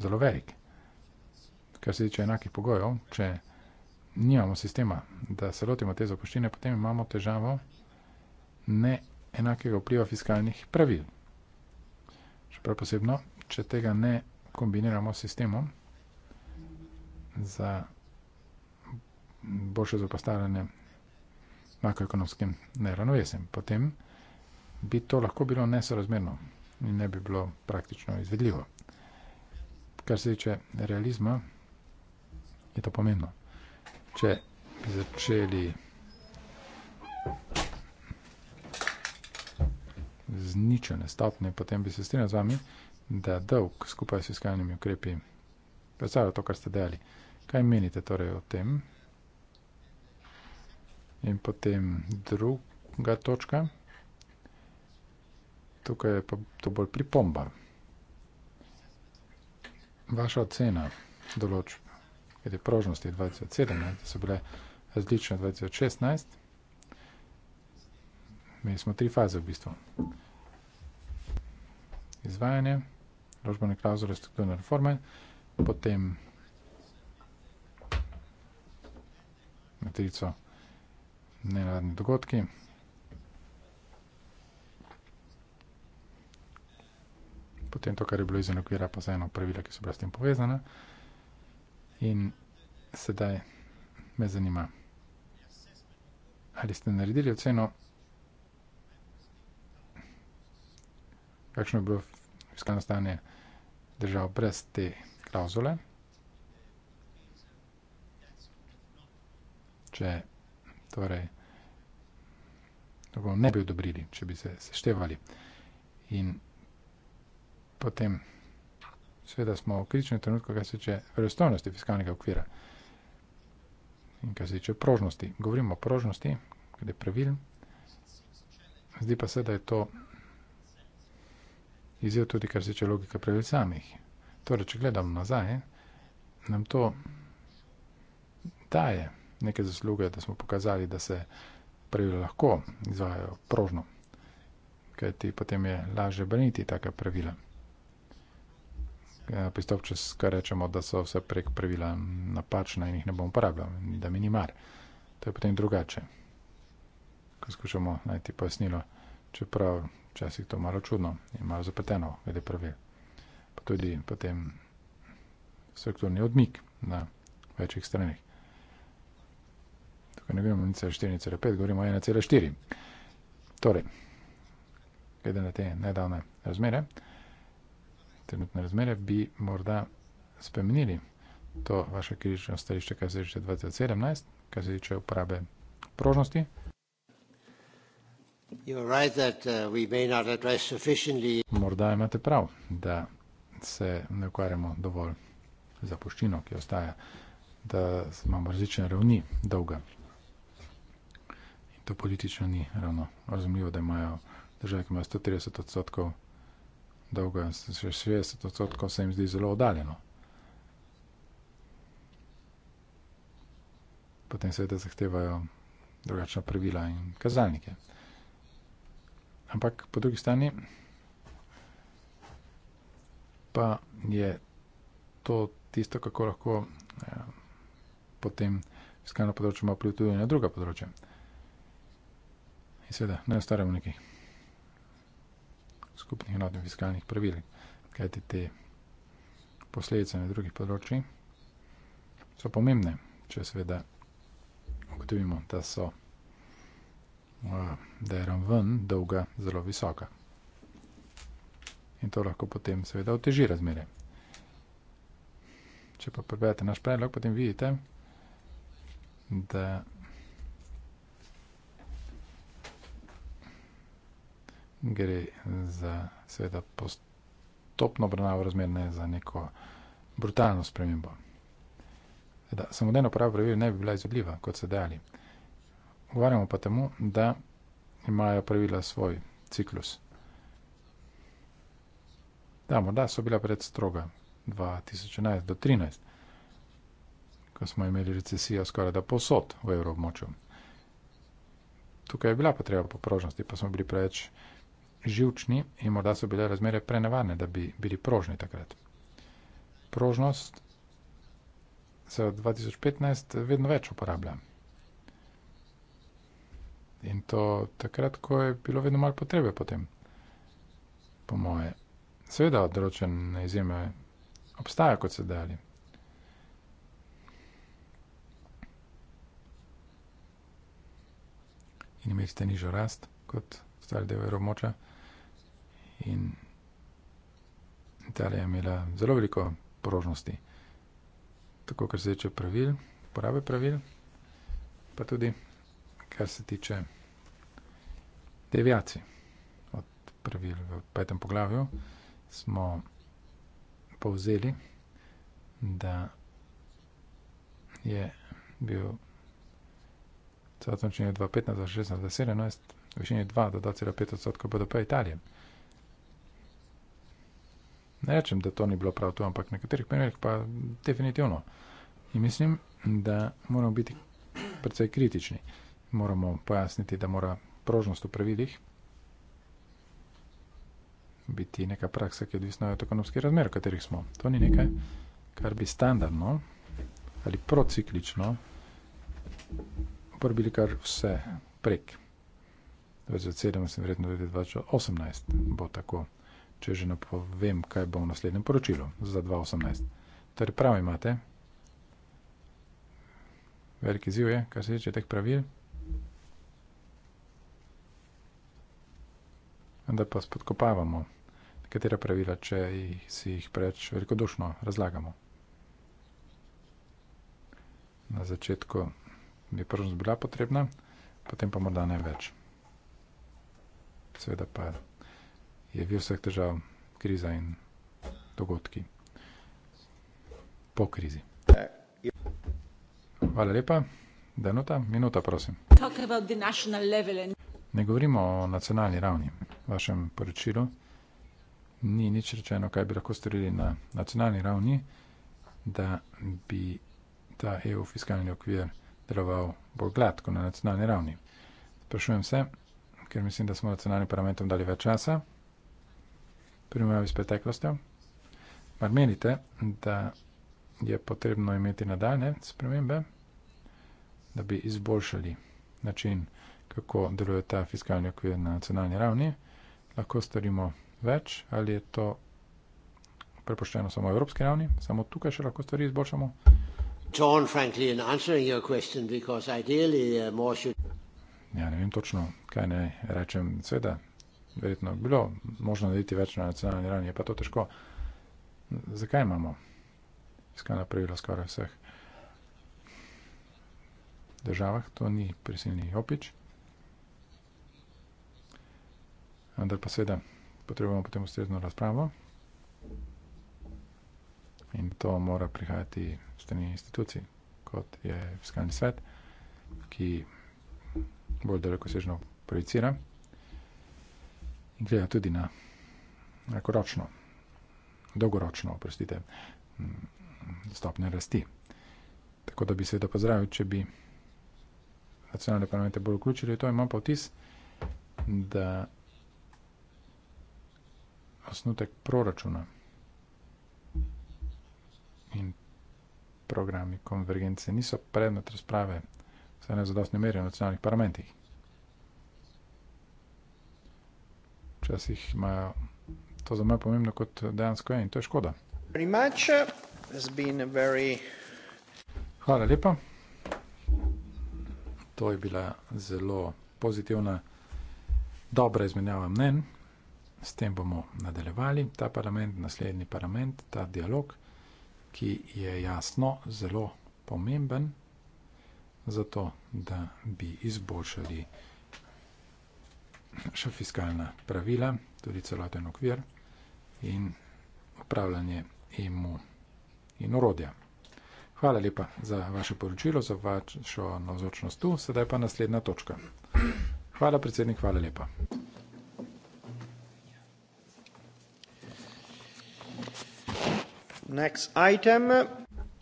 zelo velik. Kar se tiče enakih pogojev, če nimamo sistema, da se lotimo te zapuščine, potem imamo težavo neenakega vpliva fiskalnih pravil. Še prav posebno, če tega ne kombiniramo s sistemom za boljše zapostavljanje makroekonomskim neravnovesjem, potem bi to lahko bilo nesorazmerno in ne bi bilo praktično izvedljivo. Kar se tiče realizma, je to pomembno. Če bi začeli zničene stopnje, potem bi se strinjal z vami, da dolg skupaj s fiskalnimi ukrepi predstavlja to, kar ste delali. Kaj menite torej o tem? In potem druga točka. Tukaj je pa to bolj pripomba. Vaša ocena določb, kjer je prožnosti 2017, da so bile različne 2016, imeli smo tri faze v bistvu izvajanje, družbene klauzule, strukturne reforme, potem matrico nenadni dogodki, potem to, kar je bilo izven okvira, pa vseeno pravila, ki so bila s tem povezana. In sedaj me zanima, ali ste naredili oceno kakšno bi bilo fiskalno stanje držav brez te klauzule. Če torej dolgov ne bi odobrili, če bi se seštevali. In potem seveda smo v kritičnem trenutku, kaj se tiče verostavnosti fiskalnega okvira in kaj se tiče prožnosti. Govorimo o prožnosti, kde je pravil. Zdi pa se, da je to izjiv tudi, kar se tiče logike pravil samih. Torej, če gledamo nazaj, nam to daje neke zasluge, da smo pokazali, da se pravila lahko izvajajo prožno, ker ti potem je lažje braniti take pravila. Ja, pristop, če skaj rečemo, da so vse prek pravila napačna in jih ne bom uporabljal, ni da mi ni mar. To je potem drugače. Ko skušamo najti pojasnilo, čeprav včasih to malo čudno in malo zapleteno, glede pravil. Pa tudi potem strukturni odmik na večjih stranih. Tukaj ne govorimo 1,4,5, govorimo 1,4. Torej, glede na te nedavne razmere, trenutne razmere, bi morda spremenili to vaše kritično stališče, kar se tiče 2017, kar se tiče uporabe prožnosti, Uh, Morda imate prav, da se ne ukvarjamo dovolj za poščino, ki ostaja, da imamo različne ravni dolga. In to politično ni ravno razumljivo, da imajo države, ki imajo 130 odstotkov dolga, še 60 odstotkov se jim zdi zelo oddaljeno. Potem seveda zahtevajo drugačna pravila in kazalnike ampak po drugi strani pa je to tisto, kako lahko eh, potem fiskalno področje malo vplivati tudi na druga področja. In seveda, ne ostaremo nekih skupnih enotnih fiskalnih pravil, kajti te posledice na drugih področjih so pomembne, če seveda ugotovimo, da so da je ramen dolga, zelo visoka. In to lahko potem seveda oteži razmere. Če pa preberete naš predlog, potem vidite, da gre za seveda postopno obravnavo razmer, ne za neko brutalno spremembo. Samodejno pravo pravilo ne bi bila izogljiva, kot se dali. Ugovarjamo pa temu, da imajo pravila svoj ciklus. Da, morda so bila pred stroga 2011 do 2013, ko smo imeli recesijo skoraj da posod v evroobmočju. Tukaj je bila potreba po prožnosti, pa smo bili preveč živčni in morda so bile razmere prenevarne, da bi bili prožni takrat. Prožnost se od 2015 vedno več uporablja. In to takrat, ko je bilo vedno malo potrebe potem, po moje. Seveda, odročene izjeme obstajajo kot sedaj. In imeli ste nižjo rast kot ostali del Evropoča. In Italija je imela zelo veliko porožnosti, tako kar se tiče pravil, porabe pravil, pa tudi kar se tiče devijacij. Od pravil v petem poglavju smo povzeli, da je bil celotno činje 2,15, 2,16, 2,17, višenje 2 do 2,5 odstotkov BDP Italije. Ne rečem, da to ni bilo prav to, ampak nekaterih primerih pa definitivno. In mislim, da moramo biti precej kritični moramo pojasniti, da mora prožnost v pravilih biti neka praksa, ki je odvisna od ekonomskih razmer, v katerih smo. To ni nekaj, kar bi standardno ali prociklično uporabili kar vse prek. 2017, verjetno 2018 bo tako, če že napovem, kaj bo v naslednjem poročilu za 2018. Torej, prav imate. Veliki ziv je, kar se tiče teh pravil. vendar pa spodkopavamo nekatera pravila, če si jih preveč velikodušno razlagamo. Na začetku bi prvnost bila potrebna, potem pa morda ne več. Seveda pa je v vseh težav kriza in dogodki po krizi. Hvala lepa. Denota, minuta prosim. Talk about the national level and Ne govorimo o nacionalni ravni. V vašem poročilu ni nič rečeno, kaj bi lahko storili na nacionalni ravni, da bi ta EU fiskalni okvir deloval bolj gladko na nacionalni ravni. Sprašujem se, ker mislim, da smo nacionalnim parlamentom dali več časa, primerjavi s preteklostjo. Mar menite, da je potrebno imeti nadaljne spremembe, da bi izboljšali način kako deluje ta fiskalni okvir na nacionalni ravni. Lahko storimo več, ali je to prepoščeno samo evropski ravni, samo tukaj še lahko stvari izboljšamo. John, frankly, question, uh, should... Ja, ne vem točno, kaj naj rečem. Sveda, verjetno bilo možno narediti več na nacionalni ravni, je pa to težko. Zakaj imamo fiskalna pravila skoraj vseh državah? To ni prisilni opič. vendar pa seveda potrebujemo potem ustrezno razpravo. In to mora prihajati strani institucij, kot je fiskalni svet, ki bolj daleko sežno projicira in gleda tudi na kratkoročno, dolgoročno, oprostite, mm, stopne rasti. Tako da bi seveda pozdravil, če bi nacionalne parlamente bolj vključili, to imam pa vtis, da osnutek proračuna in programi konvergence niso predmet razprave vse ne zadostne meri v nacionalnih parlamentih. Včasih imajo to za me pomembno kot dejansko je in to je škoda. Hvala lepa. To je bila zelo pozitivna, dobra izmenjava mnen. S tem bomo nadaljevali ta parlament, naslednji parlament, ta dialog, ki je jasno zelo pomemben za to, da bi izboljšali naša fiskalna pravila, tudi celoten okvir in upravljanje emu in orodja. Hvala lepa za vaše poročilo, za vašo navzočnost tu, sedaj pa naslednja točka. Hvala predsednik, hvala lepa. Next item.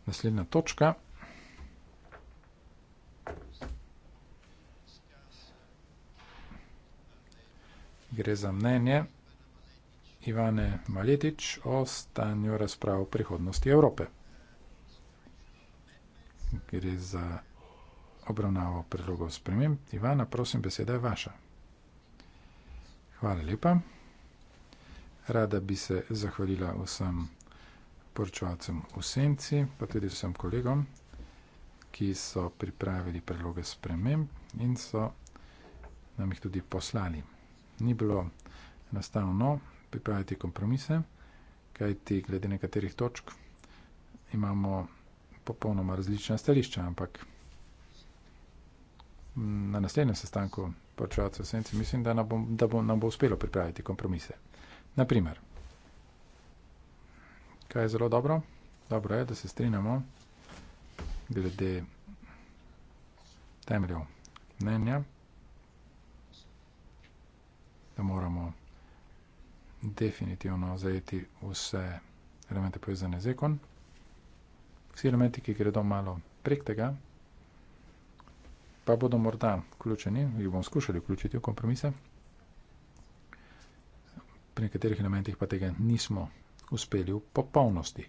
Naslednja točka. Gre za mnenje Ivane Maletič o stanju razprav o prihodnosti Evrope. Gre za obravnavo predlogov sprememb. Ivana, prosim, beseda je vaša. Hvala lepa. Rada bi se zahvalila vsem poročevalcem v senci, pa tudi vsem kolegom, ki so pripravili predloge sprememb in so nam jih tudi poslali. Ni bilo enostavno pripraviti kompromise, kajti glede nekaterih točk imamo popolnoma različna stališča, ampak na naslednjem sestanku poročevalcev v senci mislim, da nam bo, da bo, nam bo uspelo pripraviti kompromise. Naprimer, Kaj je zelo dobro? Dobro je, da se strinjamo glede temeljev mnenja, da moramo definitivno zajeti vse elemente povezane z ekon. Vsi elementi, ki gredo malo prek tega, pa bodo morda vključeni, jih bomo skušali vključiti v kompromise. Pri nekaterih elementih pa tega nismo vključili uspeli v popolnosti.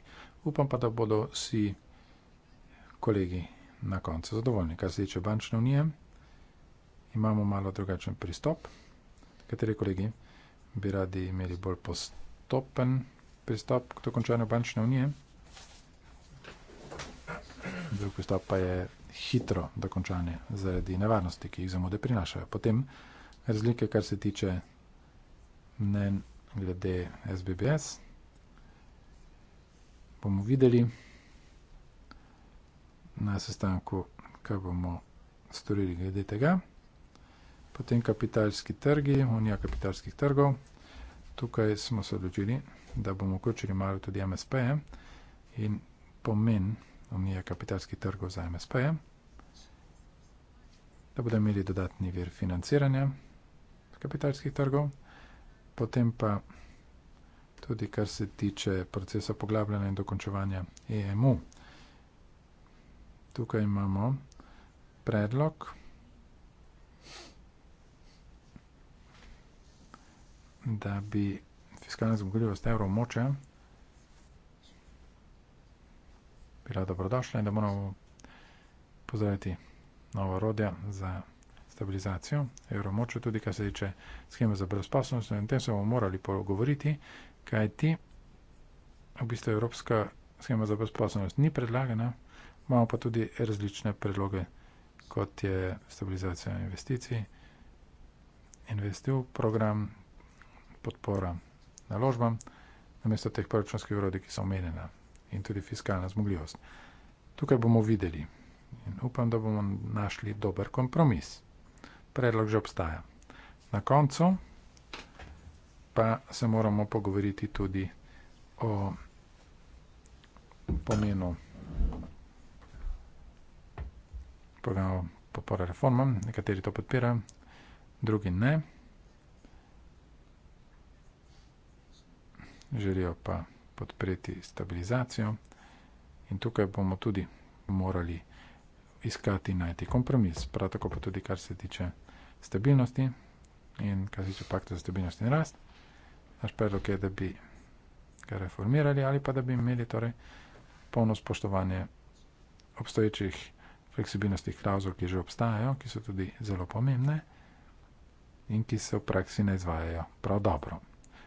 Upam pa, da bodo vsi kolegi na koncu zadovoljni. Kar se tiče bančne unije, imamo malo drugačen pristop. Kateri kolegi bi radi imeli bolj postopen pristop k dokončanju bančne unije? Drugi pristop pa je hitro dokončanje zaradi nevarnosti, ki jih zamude prinašajo. Potem razlike, kar se tiče mnen glede SBBS bomo videli na sestanku, kaj bomo storili glede tega. Potem kapitalski trgi, unija kapitalskih trgov. Tukaj smo se odločili, da bomo vključili malo tudi MSP -e in pomen unija kapitalskih trgov za MSP, -e, da bodo imeli dodatni vir financiranja kapitalskih trgov. Potem pa tudi kar se tiče procesa poglabljanja in dokončevanja EMU. Tukaj imamo predlog. da bi fiskalna zmogljivost evrov moče bila dobrodošla in da moramo pozdraviti novo rodja za stabilizacijo evrov moče, tudi kar se tiče scheme za brezposobnost in tem se bomo morali pogovoriti, kaj ti, v bistvu Evropska schema za brezposobnost ni predlagana, imamo pa tudi različne predloge, kot je stabilizacija investicij, investiv program, podpora naložbam, namesto teh proračunskih urodij, ki so omenjena in tudi fiskalna zmogljivost. Tukaj bomo videli in upam, da bomo našli dober kompromis. Predlog že obstaja. Na koncu pa se moramo pogovoriti tudi o pomenu programov podpora reforma. Nekateri to podpirajo, drugi ne. Želijo pa podpreti stabilizacijo in tukaj bomo tudi morali iskati najti kompromis, prav tako pa tudi kar se tiče stabilnosti in kar se tiče pakta za stabilnost in rast. Naš predlog je, da bi ga reformirali ali pa da bi imeli torej polno spoštovanje obstoječih fleksibilnostih klauzul, ki že obstajajo, ki so tudi zelo pomembne in ki se v praksi ne izvajajo prav dobro.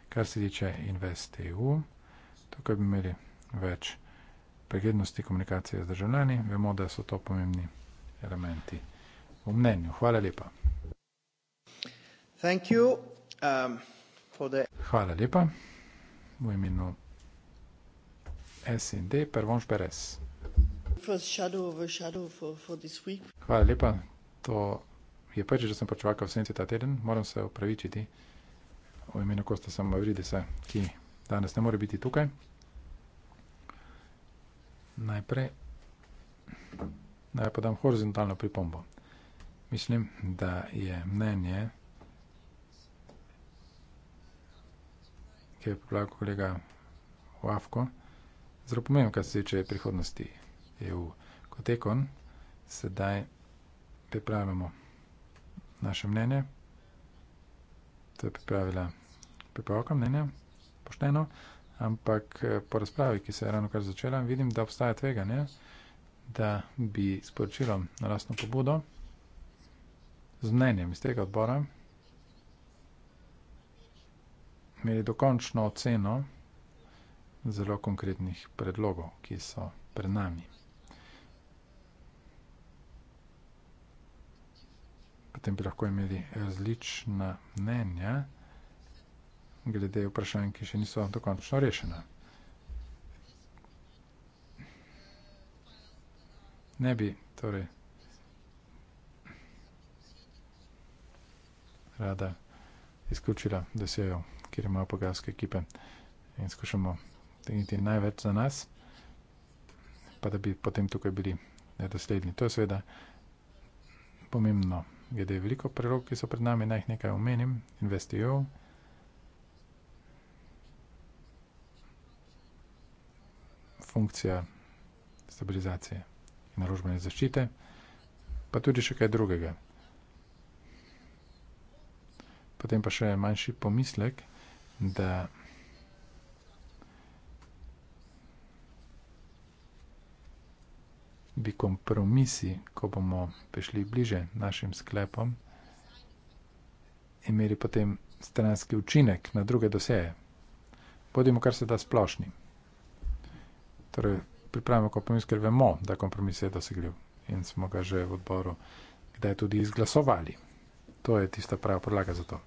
Kar se tiče InvestEU, tukaj bi imeli več preglednosti komunikacije z državljani, vemo, da so to pomembni elementi v mnenju. Hvala lepa. Thank you. Um gospode. Hvala lepa. V imenu SND, Pervonš Beres. Hvala lepa. To je prvič, da sem počival v senci ta teden. Moram se upravičiti v imenu Kosta Samavridisa, ki danes ne more biti tukaj. Najprej naj podam horizontalno pripombo. Mislim, da je mnenje. ki je pripravil kolega Vavko. Zelo pomembno, kar se tiče prihodnosti EU. Kot ekon, sedaj pripravljamo naše mnenje. To je pripravila pripravka mnenja, pošteno, ampak eh, po razpravi, ki se je ravno kar začela, vidim, da obstaja tveganje, da bi sporočilo na lastno pobudo z mnenjem iz tega odbora imeli dokončno oceno zelo konkretnih predlogov, ki so pred nami. Potem bi lahko imeli različna mnenja glede vprašanj, ki še niso dokončno rešena. Ne bi torej rada izključila, da se jo vprašanje kjer imajo pogajalske ekipe in skušamo tegniti največ za nas, pa da bi potem tukaj bili nedosledni. To je seveda pomembno, glede veliko prerok, ki so pred nami, naj jih nekaj omenim, investijo. E funkcija stabilizacije in naložbene zaščite, pa tudi še kaj drugega. Potem pa še manjši pomislek, da bi kompromisi, ko bomo prišli bliže našim sklepom, imeli potem stranski učinek na druge doseje. Bodimo kar se da splošni. Torej, pripravimo kompromis, ker vemo, da kompromis je dosegljiv in smo ga že v odboru kdaj tudi izglasovali. To je tista prava podlaga za to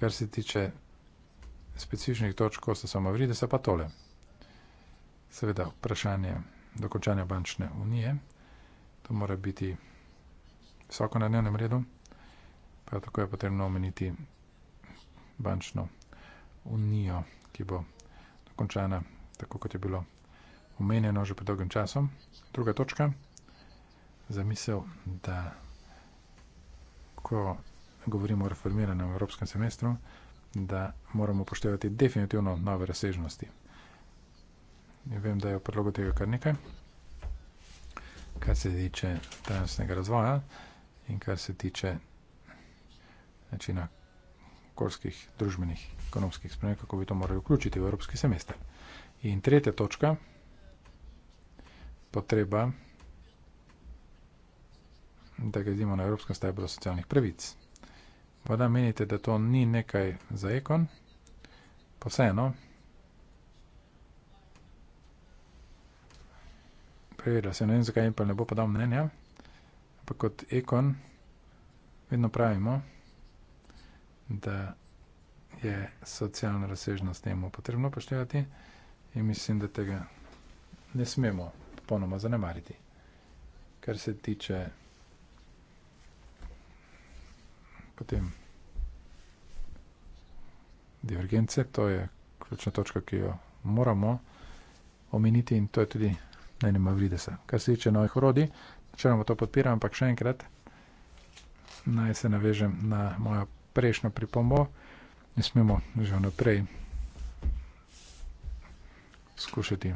kar se tiče specifičnih točk kosta samovridesa, pa tole. Seveda vprašanje dokončanja bančne unije, to mora biti visoko na dnevnem redu, pa tako je potrebno omeniti bančno unijo, ki bo dokončana tako, kot je bilo omenjeno že pred dolgim časom. Druga točka, zamisel, da ko govorimo o reformiranem evropskem semestru, da moramo upoštevati definitivno nove razsežnosti. In vem, da je v predlogu tega kar nekaj, kar se tiče trenutnega razvoja in kar se tiče načina okoljskih, družbenih, ekonomskih sprememb, kako bi to morali vključiti v evropski semester. In tretja točka, potreba, da gledimo na evropskem stebru socialnih pravic. Voda menite, da to ni nekaj za ekon, pa vseeno. Preveril se, ne vem zakaj Impel ne bo podal mnenja, ampak kot ekon vedno pravimo, da je socijalna razsežnost temu potrebno poštevati in mislim, da tega ne smemo ponoma zanemariti. Kar se tiče vsega, potem divergence, to je ključna točka, ki jo moramo omeniti in to je tudi najnema vridesa. Kar se tiče novih orodij, načeloma to podpiram, ampak še enkrat naj se navežem na mojo prejšnjo pripombo. Ne smemo že naprej skušati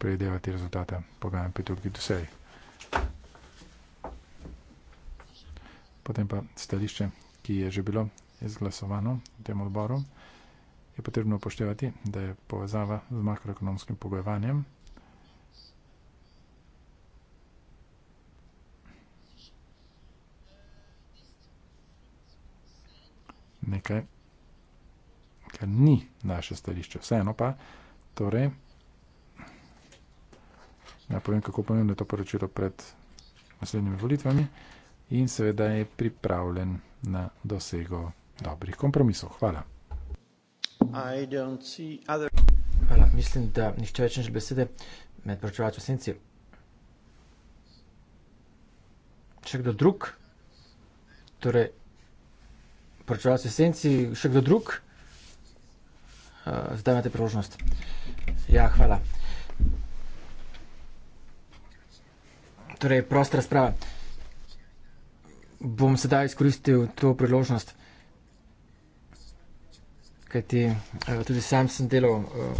predelati rezultate pogajanj pri drugih dosejih. potem pa stališče, ki je že bilo izglasovano v tem odboru, je potrebno upoštevati, da je povezava z makroekonomskim pogojevanjem nekaj, kar ni naše stališče. Vseeno pa, torej, ja povem, kako pomembno je to poročilo pred naslednjimi volitvami, in seveda je pripravljen na dosego dobrih kompromisov. Hvala. Other... Hvala. Mislim, da nišče več ne želi besede med pročevalci v senci. Še kdo drug? Torej, pročevalci v senci, še kdo drug? Uh, zdaj imate priložnost. Ja, hvala. Torej, prosta razprava bom sedaj izkoristil to priložnost, kajti uh, tudi sam sem delal um,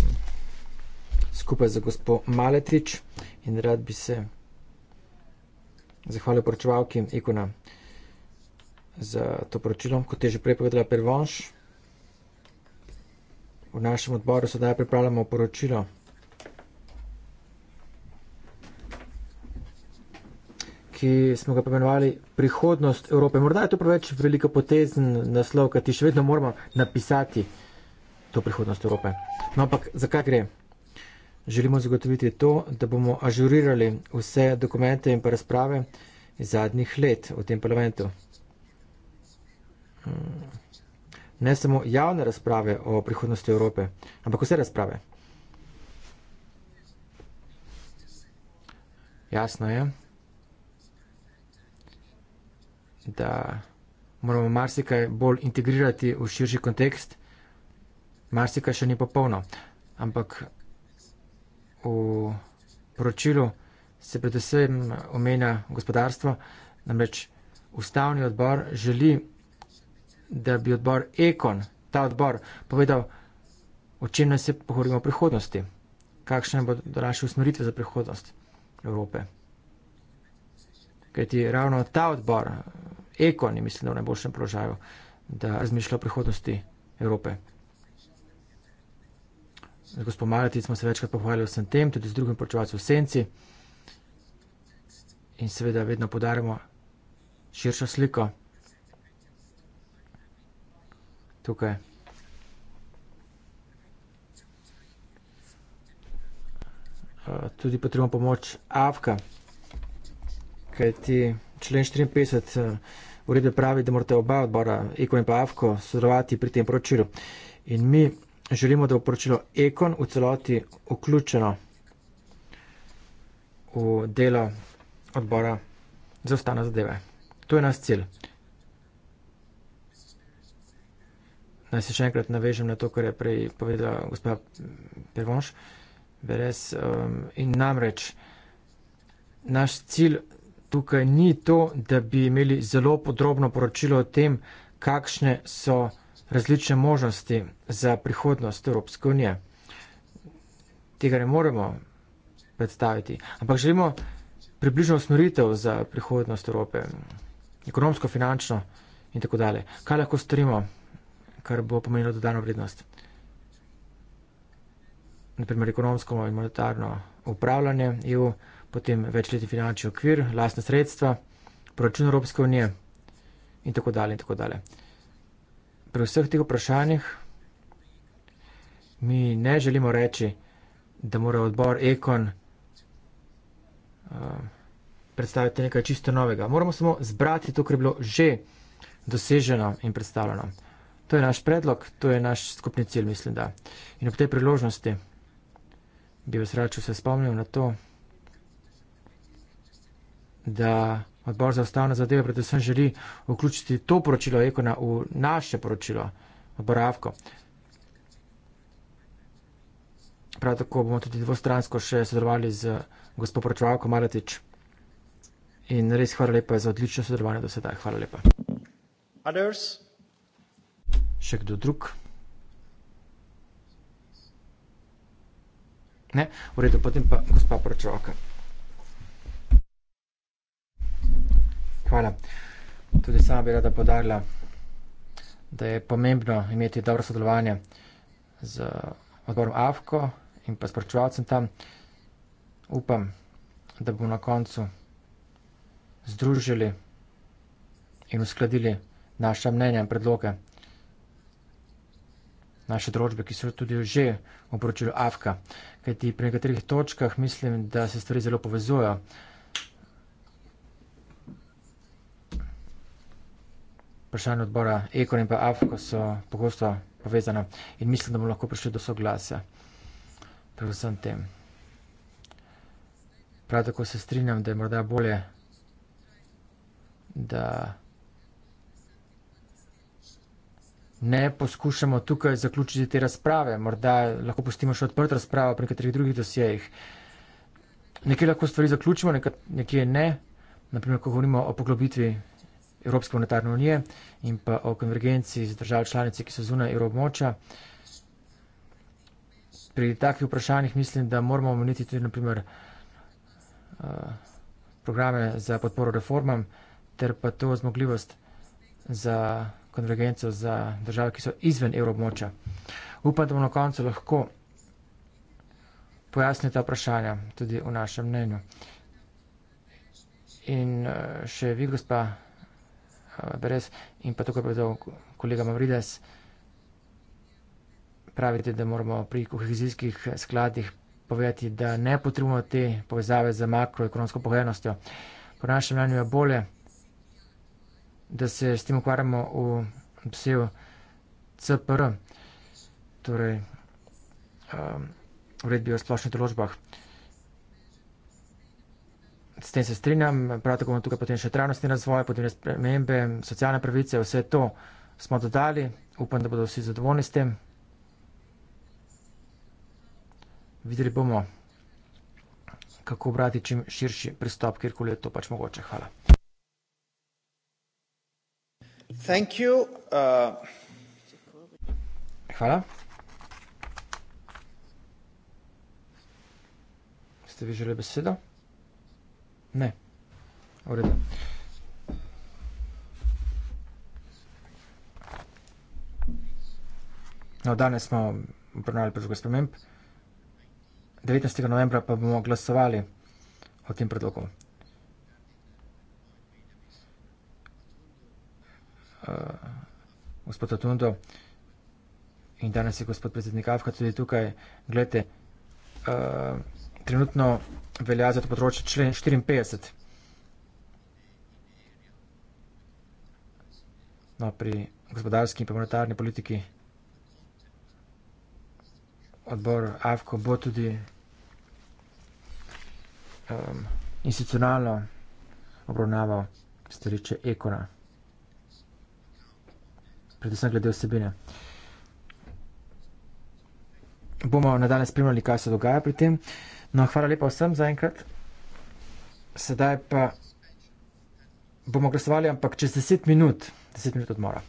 skupaj z gospod Maletrič in rad bi se zahvalil poročevalki Ikona za to poročilo, kot je že prej povedala Pervonš. V našem odboru sedaj pripravljamo poročilo. ki smo ga pomenovali Prihodnost Evrope. Morda je to preveč velika potezen naslov, kaj ti še vedno moramo napisati to prihodnost Evrope. No, ampak zakaj gre? Želimo zagotoviti to, da bomo ažurirali vse dokumente in pa razprave zadnjih let v tem parlamentu. Hmm. Ne samo javne razprave o prihodnosti Evrope, ampak vse razprave. Jasno je da moramo marsikaj bolj integrirati v širši kontekst. Marsikaj še ni popolno, ampak v poročilu se predvsem omenja gospodarstvo, namreč ustavni odbor želi, da bi odbor Ekon, ta odbor, povedal, o čem naj se pogovorimo v prihodnosti, kakšne bodo naše usmeritve za prihodnost Evrope. Kajti ravno ta odbor, ekon je mislim, da v najboljšem položaju, da razmišlja o prihodnosti Evrope. Z gospod Malati smo se večkrat pohvalili vsem tem, tudi z drugim počevalcem v senci. In seveda vedno podarimo širšo sliko. Tukaj. Eh, tudi potrebujemo pomoč Afka kajti člen 54 eh, uredbe pravi, da morate oba odbora, Eko in pa Avko, sodelovati pri tem poročilu. In mi želimo, da bo poročilo Ekon v celoti vključeno v delo odbora za ostane zadeve. To je nas cilj. Naj se še enkrat navežem na to, kar je prej povedala gospa Pervonš. Beres, um, ehm, in namreč, naš cilj tukaj ni to, da bi imeli zelo podrobno poročilo o tem, kakšne so različne možnosti za prihodnost Evropske unije. Tega ne moremo predstaviti. Ampak želimo približno usmeritev za prihodnost Evrope, ekonomsko, finančno in tako dalje. Kaj lahko storimo, kar bo pomenilo dodano vrednost? Naprimer, ekonomsko in monetarno upravljanje EU potem večletni finančni okvir, lastne sredstva, proračun Evropske unije in tako dalje. In tako dalje. Pri vseh teh vprašanjih mi ne želimo reči, da mora odbor Ekon uh, predstaviti nekaj čisto novega. Moramo samo zbrati to, kar je bilo že doseženo in predstavljeno. To je naš predlog, to je naš skupni cilj, mislim da. In ob tej priložnosti bi vas rad, če se spomnim na to da odbor za ustavne zadeve predvsem želi vključiti to poročilo Ekona v naše poročilo, oboravko. Prav tako bomo tudi dvostransko še sodelovali z gospod poročevalko Maletič. In res hvala lepa za odlično sodelovanje do sedaj. Hvala lepa. Others? Še kdo drug? Ne, v redu, potem pa gospa poročevalka. Hvala. Tudi sama bi rada podarila, da je pomembno imeti dobro sodelovanje z odborom AFKO in pa s pročevalcem tam. Upam, da bomo na koncu združili in uskladili naša mnenja in predloge naše družbe, ki so tudi že v poročilu AFKA. Kajti pri nekaterih točkah mislim, da se stvari zelo povezujejo. vprašanja odbora Eko in pa Afko so pogosto povezana in mislim, da bomo lahko prišli do soglasja pri vsem tem. Prav tako se strinjam, da je morda bolje, da ne poskušamo tukaj zaključiti te razprave. Morda lahko pustimo še odprto razpravo pri nekaterih drugih dosjejih. Nekje lahko stvari zaključimo, nekje ne. Naprimer, ko govorimo o poglobitvi Evropske monetarne unije in pa o konvergenci z državami članice, ki so zunaj evroobmoča. Pri takih vprašanjih mislim, da moramo omeniti tudi naprimer, eh, programe za podporo reformam ter pa to zmogljivost za konvergenco za države, ki so izven evroobmoča. Upam, da bomo na koncu lahko pojasnili ta vprašanja tudi v našem mnenju. In eh, še vi, gospa. Berez in pa tukaj povedal kolega Mavrides, pravite, da moramo pri kohezijskih skladih povedati, da ne potrebujemo te povezave z makroekonomsko pogojenostjo. Po našem mnenju je bolje, da se s tem ukvarjamo v obsev CPR, torej um, uredbi o splošnih določbah s tem se strinjam, prav tako imamo tukaj potem še trajnostni razvoj, podnebne spremembe, socialne pravice, vse to smo dodali. Upam, da bodo vsi zadovoljni s tem. Videli bomo, kako obrati čim širši pristop, kjerkoli je to pač mogoče. Hvala. Thank you. Uh... Hvala. Ste vi želeli besedo? Ne. V redu. No, danes smo obravnavali predlog sprememb. 19. novembra pa bomo glasovali o tem predlogu. Uh, gospod Atundo in danes je gospod predsednik Avka tudi tukaj. Glejte, uh, trenutno velja za to področje člen 54. No, pri gospodarski in pa monetarni politiki odbor AFKO bo tudi um, institucionalno obravnaval stariče ekona. Predvsem glede vsebine. Bomo nadalje spremljali, kaj se dogaja pri tem. Uh, No, hvala lepa vsem za enkrat. Sedaj pa bomo glasovali, ampak čez 10 minut, 10 minut odmora.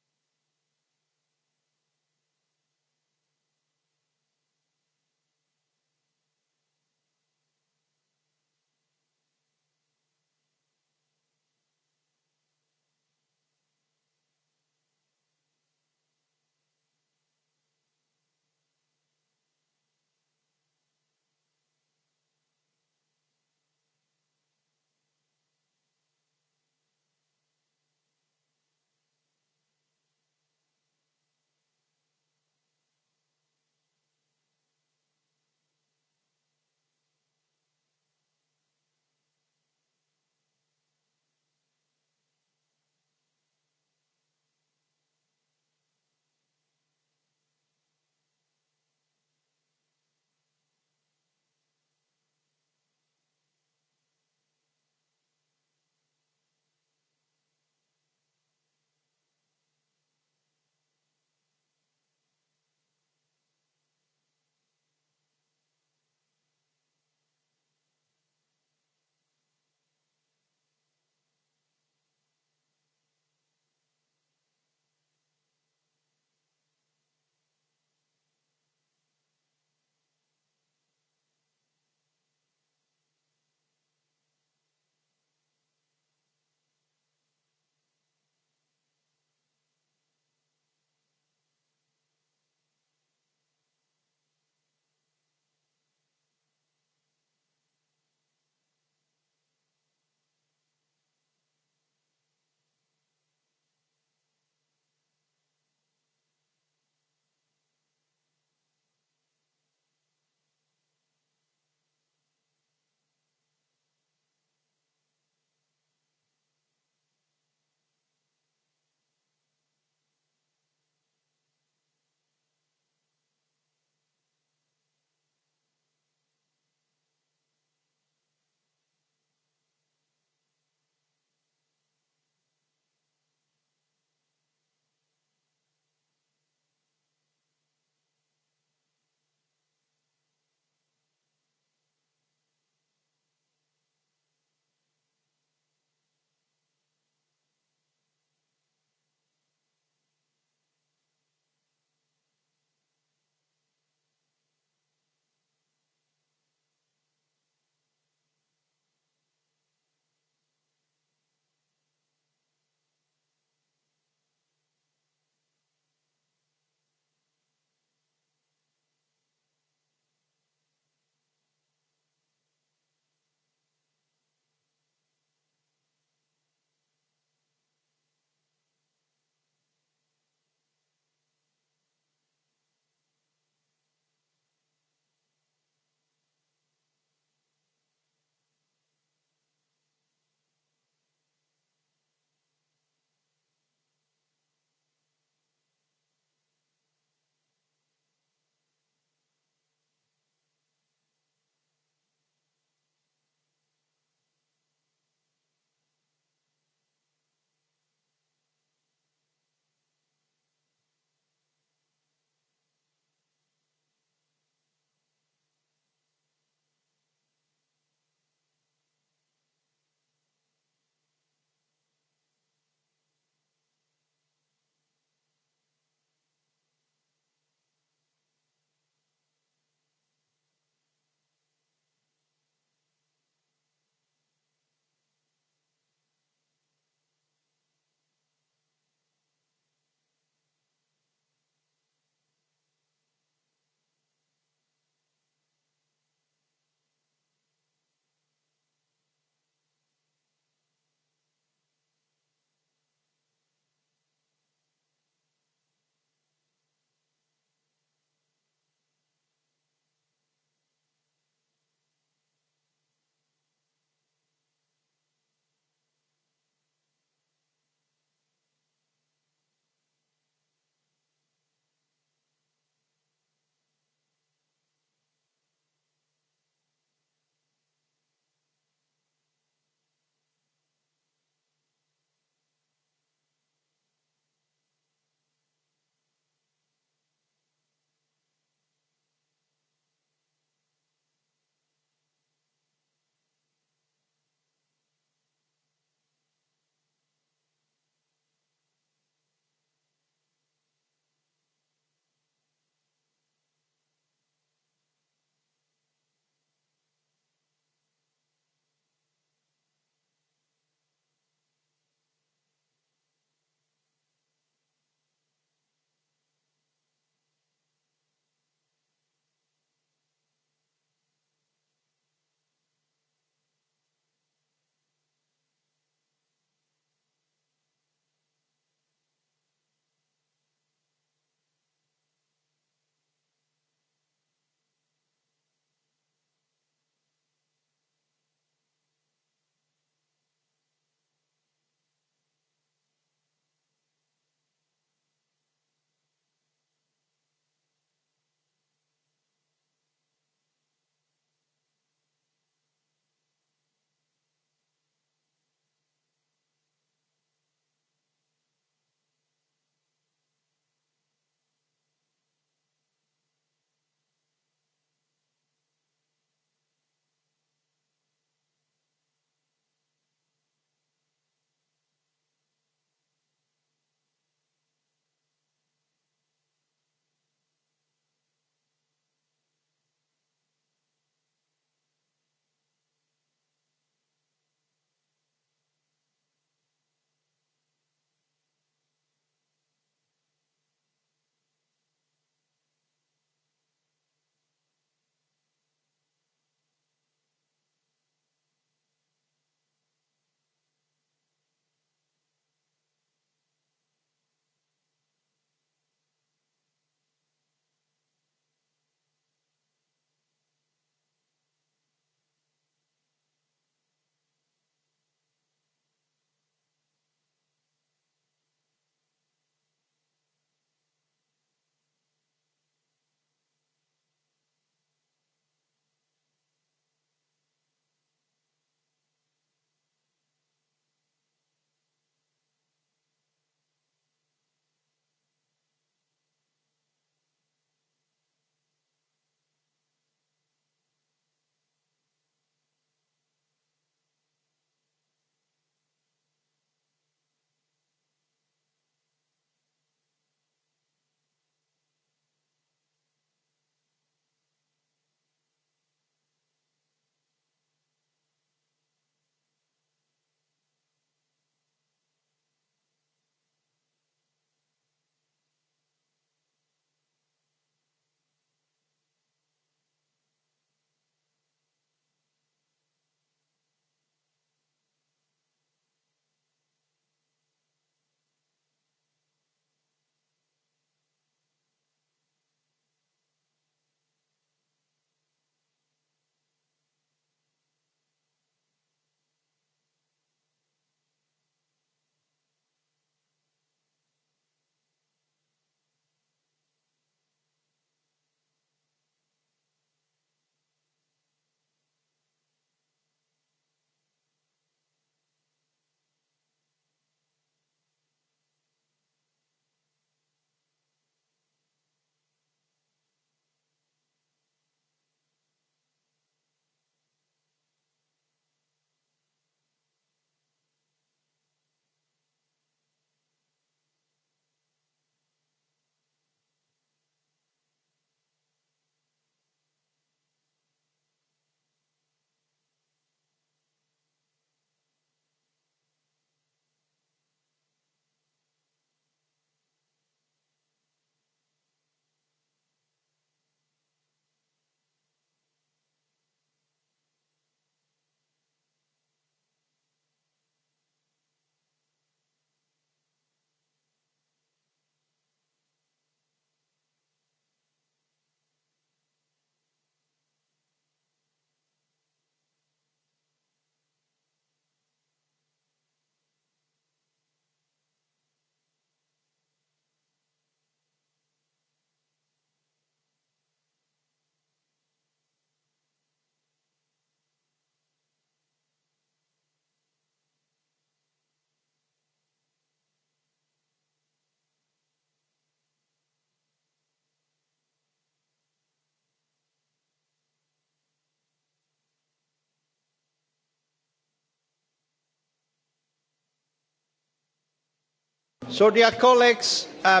Uh,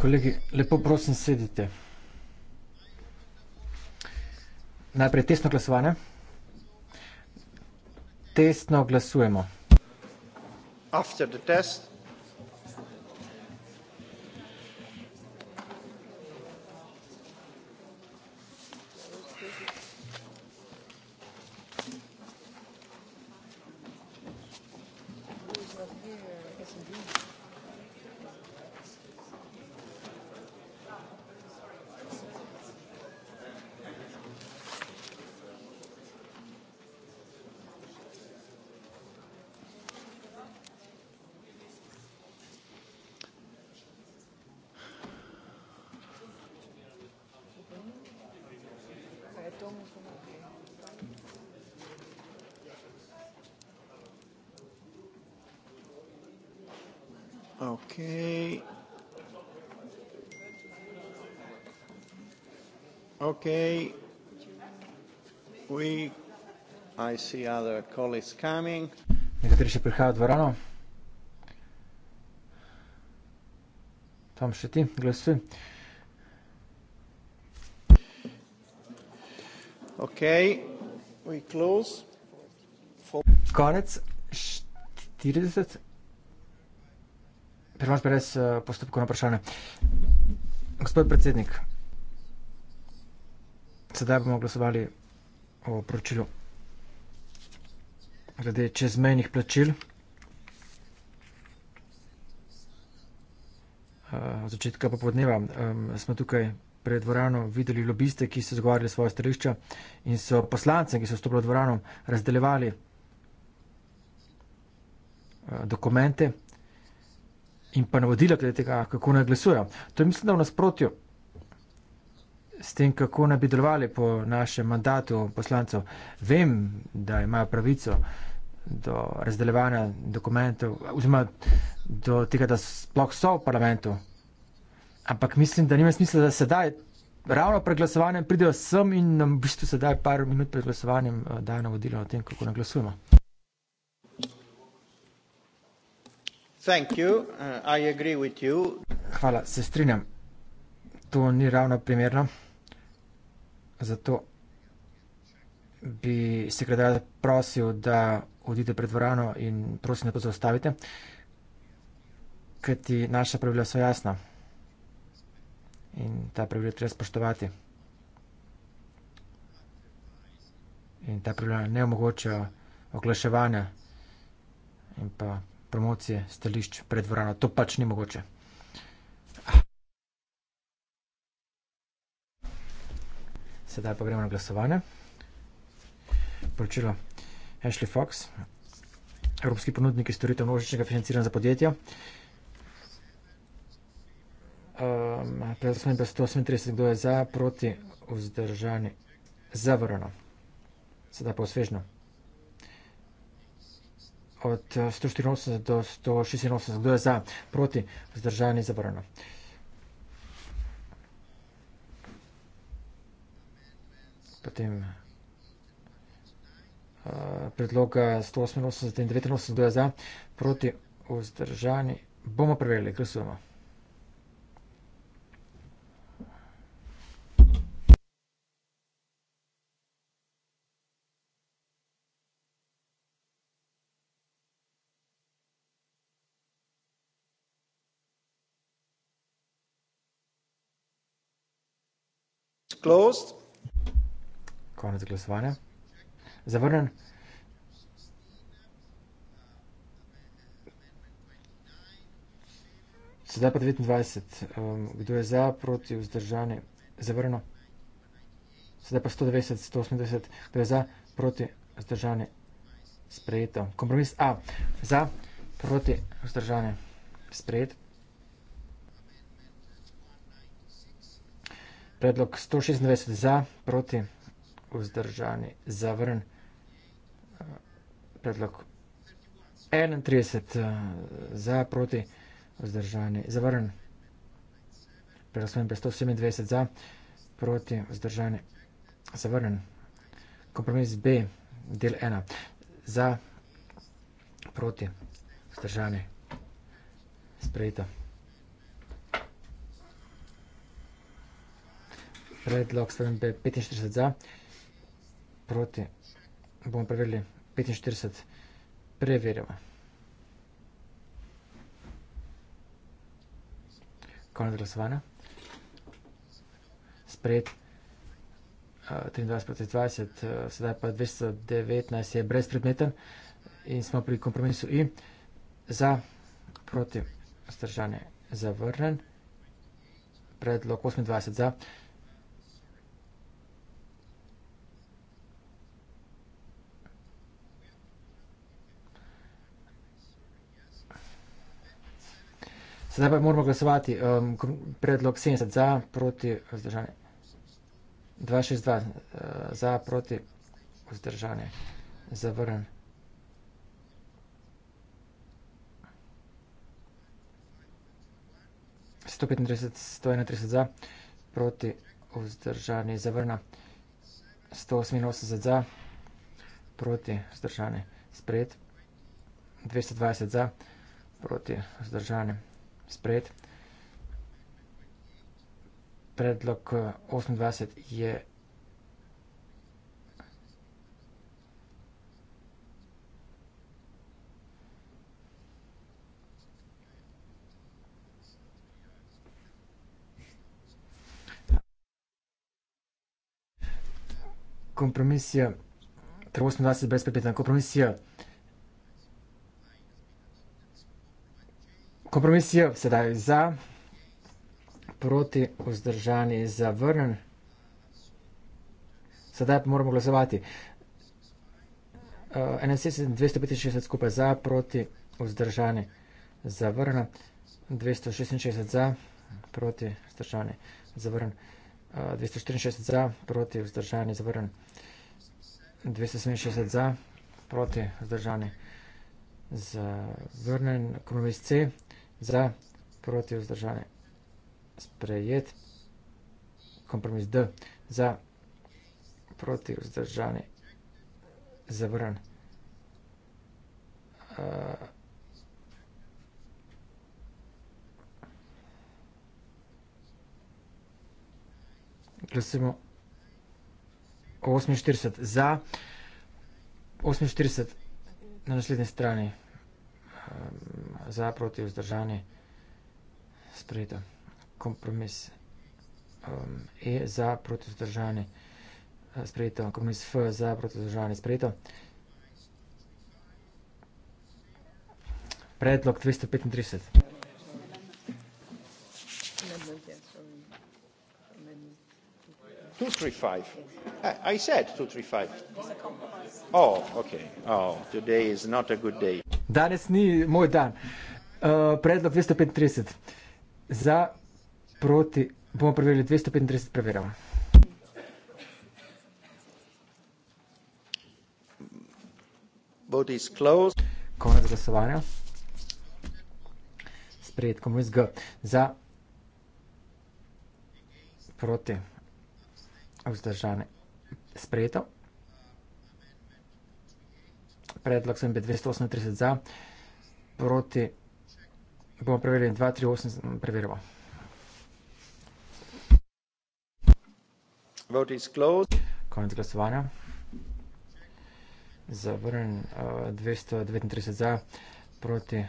Kolegi, lepo prosim, sedite. Najprej testno glasovanje. Testno glasujemo. After the test. call is coming. Nekateri še prihajajo v dvorano. Tam še ti, glasuj. Ok, we close. For... Konec 40. Prvo sprejel s postopkom na vprašanje. Gospod predsednik, sedaj bomo glasovali o poročilu glede čezmejnih plačil. Eh, od začetka popodneva smo tukaj pred dvorano videli lobiste, ki so zgovarjali svoje stališča in so poslance, ki so vstopili v dvorano, razdeljevali eh, dokumente in pa navodila glede tega, kako naj glasujejo. To je mislim, da v nasprotju s tem, kako naj bi delovali po našem mandatu poslancev. Vem, da imajo pravico do razdelevanja dokumentov, oziroma do tega, da sploh so v parlamentu. Ampak mislim, da nima smisla, da sedaj, ravno pred glasovanjem, pridejo sem in nam v bistvu sedaj, par minut pred glasovanjem, eh, dajo navodila o tem, kako naj glasujemo. Uh, Hvala, se strinjam. To ni ravno primerno. Zato bi sekretar prosil, da odide pred vrano in prosim, da to zaustavite, kajti naša pravila so jasna in ta pravila treba spoštovati. In ta pravila ne omogočajo oglaševanja in pa promocije stališč pred vrano. To pač ni mogoče. Sedaj pa gremo na glasovanje. Poročilo Ashley Fox, evropski ponudniki storitev množičnega financiranja za podjetja. Um, Predstavljeno je 138, kdo je za, proti, vzdržani, zavrano. Sedaj pa osvežno. Od 184 do 186, kdo je za, proti, vzdržani, zavrano. potem uh, predloga 188 in 89 je za, proti vzdržani. Bomo preverili, glasujemo. Closed. Konec glasovanja. Zavrnen. Sedaj pa 29. Um, kdo je za, proti, vzdržani? Zavrno. Sedaj pa 120, 180. Kdo je za, proti, vzdržani? Sprejeto. Kompromis A. Za, proti, vzdržani. Sprejet. Predlog 196 za, proti vzdržani, zavrn. Predlog 31 eh, za, proti, vzdržani, zavrn. Predlog 127 za, proti, vzdržani, zavrn. Kompromis B, del 1, za, proti, vzdržani, sprejeta. Predlog 45 za, proti, bomo preverili 45, preverjamo. Konec glasovanja. Sprejet 23 eh, proti 20, eh, sedaj pa 219 je brez predmeten in smo pri kompromisu I. Za proti stržanje zavrnen, predlog 28 za. Sedaj pa moramo glasovati um, predlog 70 za proti vzdržanje. 262 uh, za proti vzdržanje. Zavrn. za proti vzdržanje zavrna 188 za proti vzdržanje sprejet 220 za proti vzdržanje sprejet. Predlog 28 eh, je Компромиссия. 328 без пепета. Компромиссия. kompromis je sedaj za, proti, vzdržani, zavrnjen. Sedaj pa moramo glasovati. Uh, 71, 265 skupaj za, proti, vzdržani, zavrnjen. 266 za, proti, vzdržani, zavrnjen. Uh, 264 za, proti, vzdržani, zavrnjen. 267 za, proti, vzdržani, zavrnjen. Kompromis C za proti vzdržanje sprejet kompromis D za proti vzdržanje zavrn eh, glasimo 48 za 48 na naslednji strani Ehm, za proti vzdržanje sprejeta. Kompromis um, E za proti vzdržanje eh, sprejeta. Kompromis F za proti vzdržanje sprejeta. Predlog 235. Two three five. I said two three five. Oh, okay. Oh, today is not a good day. Danes ni moj dan. Uh, predlog 235. Za, proti, bomo preverili 235, preverjamo. Konec glasovanja. Sprejet, komu izg. Za, proti, vzdržane. Sprejeto predlog sem bil 238 za, proti bomo preverili 238, preverimo. Vote is closed. Konec glasovanja. Zavrn uh, 239 za, proti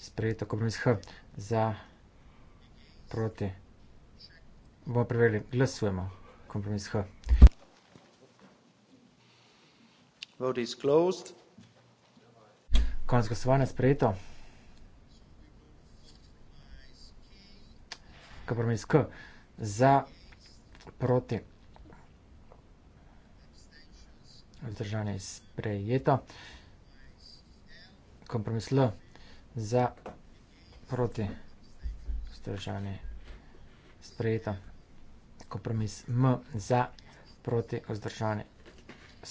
sprejeto kompromis H za, proti. Bomo preverili, glasujemo kompromis H. Vote is closed. Konec glasovanja sprejeto. Kompromis K za proti. Vzdržanje je sprejeto. Kompromis L za proti. Vzdržanje je sprejeto. Kompromis M za proti. Vzdržanje je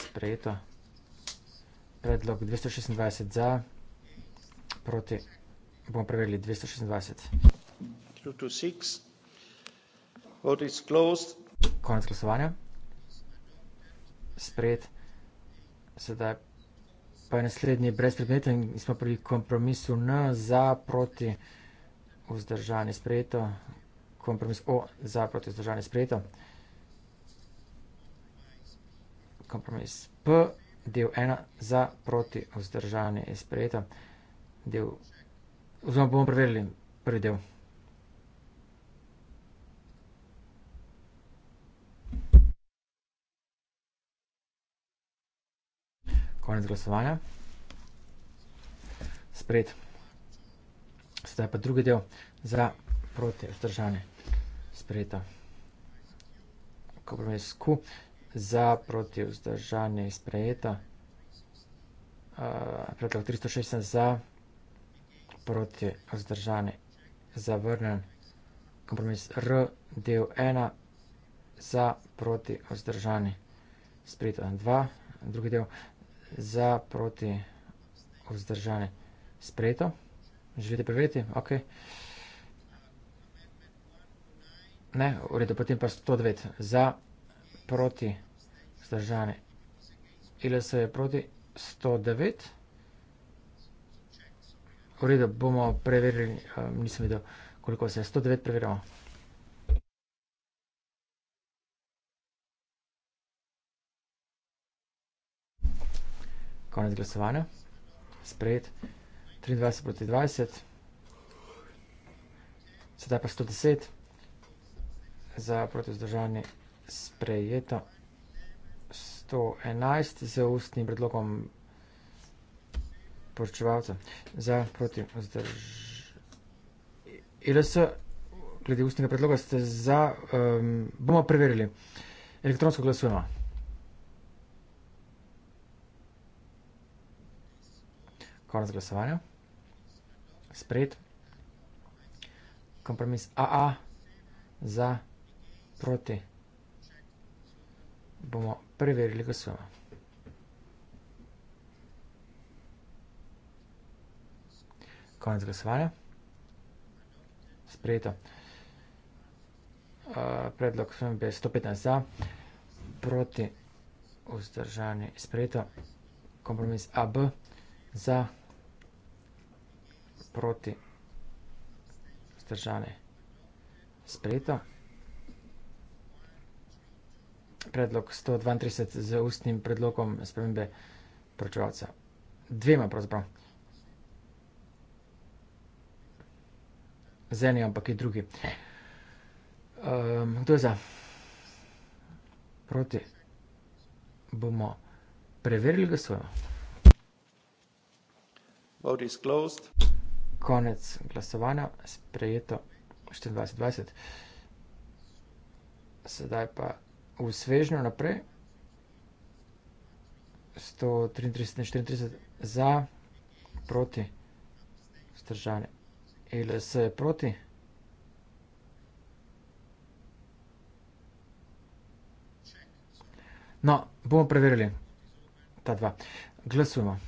sprejeto predlog 226 za, proti bomo preverili 226. Konec glasovanja. Spred. Sedaj pa je naslednji brezpredmeten in smo pri kompromisu N za proti vzdržanje sprejeto. Kompromis O za proti vzdržanje sprejeto. Kompromis P del 1 za proti vzdržanje je sprejeta. Del, oziroma bomo preverili prvi del. Konec glasovanja. Spred. Sedaj pa drugi del za proti vzdržanje sprejeta. Kompromis Q Za proti vzdržanje je sprejeto. Uh, predlog 360 za proti vzdržanje zavrnen. Kompromis R, del 1, za proti vzdržanje sprejeto. 2, drugi del, za proti vzdržanje sprejeto. Želite preveriti? Ok. Ne, v redu, potem pa 109 za proti vzdržanje zdržane. ILS je proti 109. V redu, bomo preverili, eh, nisem videl, koliko se je, 109 preverjamo. Konec glasovanja, sprejet, 23 proti 20, sedaj pa 110, za proti vzdržanje sprejeto. 111 z ustnim predlogom poročevalca za proti vzdržanju. IRS, glede ustnega predloga, ste za, um, bomo preverili. Elektronsko glasujemo. Konec glasovanja. Spred. Kompromis AA za proti vzdržanju bomo preverili glasovo. Konec glasovanja. Sprejeto. Uh, predlog FMB 115 za, proti vzdržanje sprejeto. Kompromis AB za, proti vzdržanje sprejeto predlog 132 z ustnim predlogom spremembe pročevalca. Dvema pravzaprav. Z enim, ampak je drugi. Um, kdo je za? Proti. Bomo preverili, ga svojo. Konec glasovanja, sprejeto 24-20. Sedaj pa v svežnju naprej. 133.34 za, proti, stržanje. LS je proti. No, bomo preverili ta dva. Glasujemo.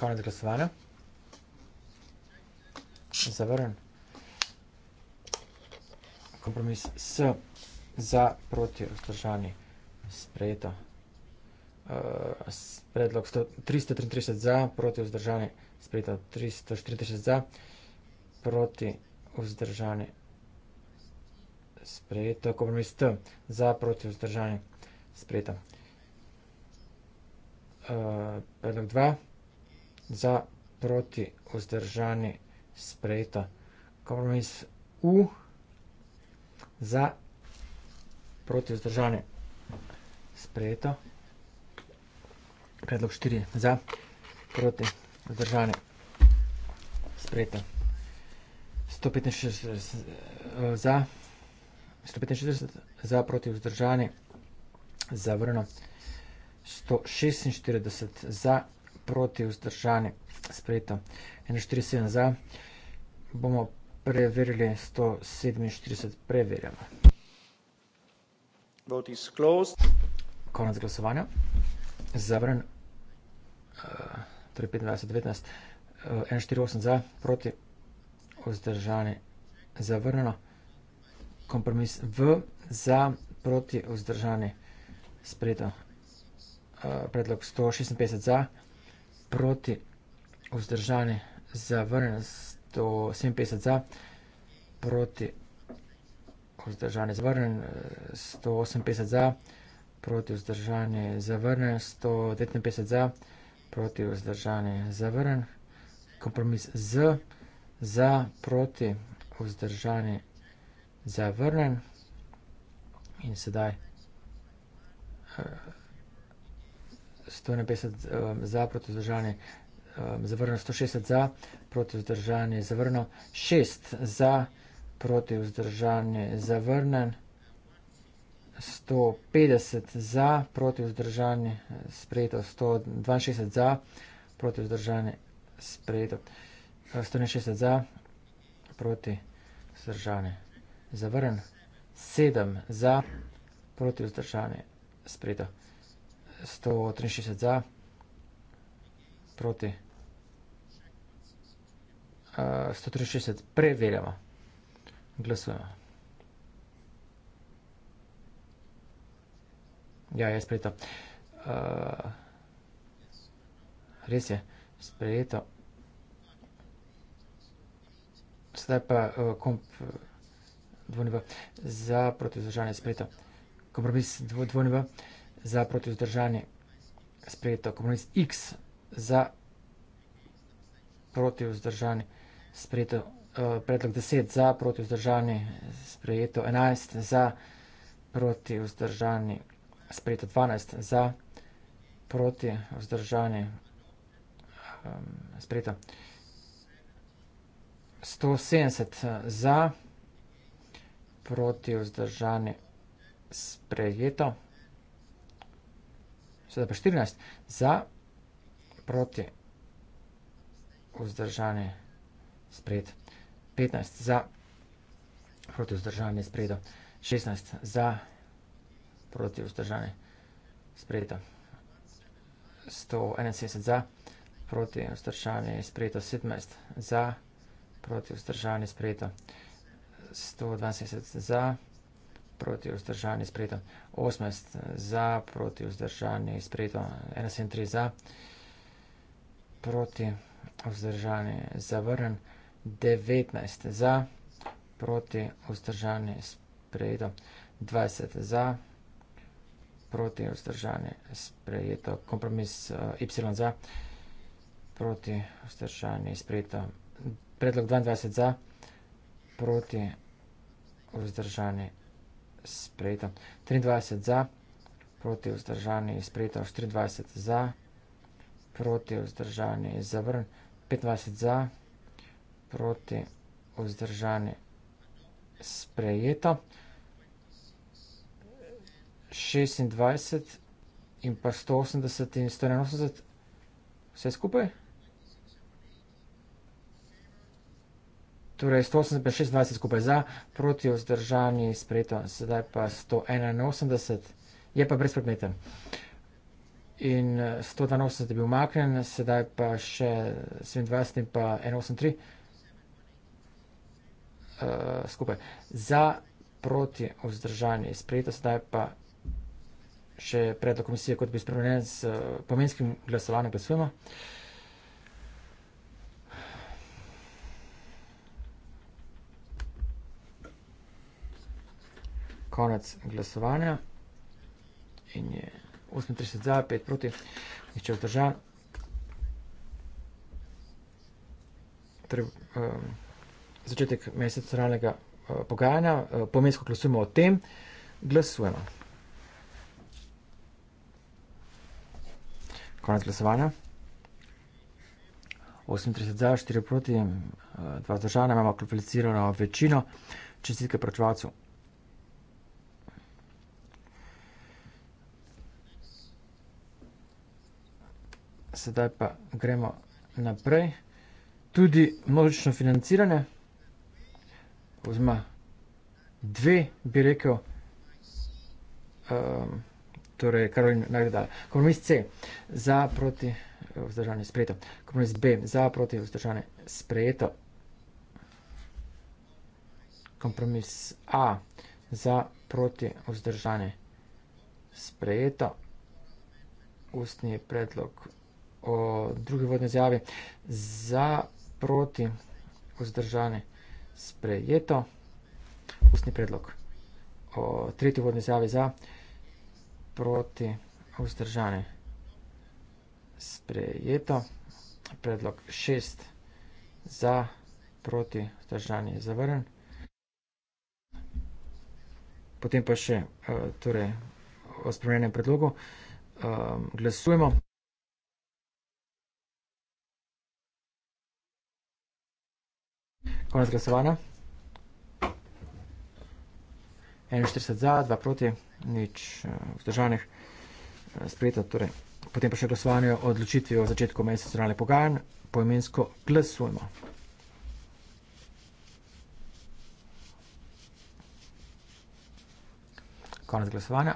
Konec glasovanja. Zavrn. Kompromis S za proti vzdržani sprejeto. Eh, predlog 333 za, proti vzdržani sprejeto 340 za, proti vzdržani sprejeto. Kompromis T za, proti vzdržani sprejeto. Eh, predlog 2 za proti vzdržani sprejeta. Kompromis U za proti vzdržani sprejeta. Predlog 4 za proti vzdržani sprejeta. 165 za 165 za proti vzdržani zavrno 146 za proti vzdržanju. Sprejeto 47 za. Bomo preverili 147. Preverjamo. Vote is closed. Konec glasovanja. Zavren. Uh, eh, torej 25, 19. Uh, 48 za, proti. Vzdržani. Zavrneno. Kompromis v za, proti. Vzdržani. Sprejeto. Uh, predlog 156 za proti, vzdržani, zavrnjen, 157 za, proti, vzdržani, zavrnjen, 158 za, proti, vzdržani, zavrnjen, 159 za, proti, vzdržani, zavrnjen, kompromis z, za, proti, vzdržani, zavrnjen in sedaj vzdržani. 151 um, za, proti vzdržanje um, zavrno, 160 za, proti vzdržanje zavrno, 6 za, proti vzdržanje zavrnen. 150 za, proti vzdržanje sprejeto, 162 za, proti vzdržanje sprejeto, 160 uh, za, proti vzdržanje zavrn, 7 za, proti vzdržanje sprejeto. 163 za, proti uh, 163, preverjamo, glasujemo. Ja, je sprejeto. Uh, res je, sprejeto. Sedaj pa uh, komp dvojnega za proti vzdržanje sprejeto. Kompromis dvojnega za proti vzdržanje sprejeto, kompromis X za proti vzdržanje sprejeto, e, predlog 10 za proti vzdržanje sprejeto, 11 za proti vzdržanje sprejeto, 12 za proti vzdržanje sprejeto, 170 e, za proti vzdržanje sprejeto, 170 za proti vzdržanje sprejeto, Sedaj pa 14. Za, proti, vzdržanje, spred. 15. Za, proti, vzdržanje, spredo. 16. Za, proti, vzdržanje, spredo. 171. Za, proti, vzdržanje, spredo. 17. Za, proti, vzdržanje, spredo. 172. Za, proti, vzdržanje, spredo proti vzdržanju sprejeto, 18 za proti vzdržanju sprejeto, 173 za proti vzdržanju zavrnen, 19 za proti vzdržanju sprejeto, 20 za proti vzdržanju sprejeto, kompromis uh, Y za proti vzdržanju sprejeto, predlog 22 za proti vzdržanju sprejeto sprejeta. 23 za, proti vzdržani je sprejeta, 24 za, proti vzdržani je zavrn, 25 za, proti vzdržani je sprejeta, 26 in pa 180 in 181, vse skupaj. Torej 186 skupaj za, proti vzdržani spreto, sedaj pa 181, je pa brezpredmeten. In 182 je bil umaknen, sedaj pa še 27 in pa 183 uh, eh, skupaj za, proti vzdržani spreto, sedaj pa še predlog komisije, kot bi spremenjen s uh, eh, pomenskim glasovanjem, glasujemo. Uh, konec glasovanja in je 38 za, 5 proti, niče vzdržan. Torej, um, začetek meseca realnega uh, pogajanja, uh, pomensko glasujemo o tem, glasujemo. Konec glasovanja. 38 za, 4 proti, 2 uh, zdržane, imamo kvalificirano večino, čestitke pročevalcev. sedaj pa gremo naprej. Tudi množično financiranje, oziroma dve, bi rekel, um, torej Karolina Nagradala. Kompromis C za proti vzdržanje sprejeto. Kompromis B za proti vzdržanje sprejeto. Kompromis A za proti vzdržanje sprejeto. Ustni predlog o drugi vodni zjavi za proti vzdržane sprejeto ustni predlog o tretji vodni zjavi za proti vzdržane sprejeto predlog šest za proti vzdržane zavrn potem pa še eh, torej o spremenjenem predlogu eh, glasujemo Konec glasovanja. 41 za, 2 proti, nič eh, vzdržanih. Eh, Sprejeta, torej. Potem pa še glasovanje o odločitvi o začetku medsestionalne pogajanj. Poimensko glasujmo. Konec glasovanja.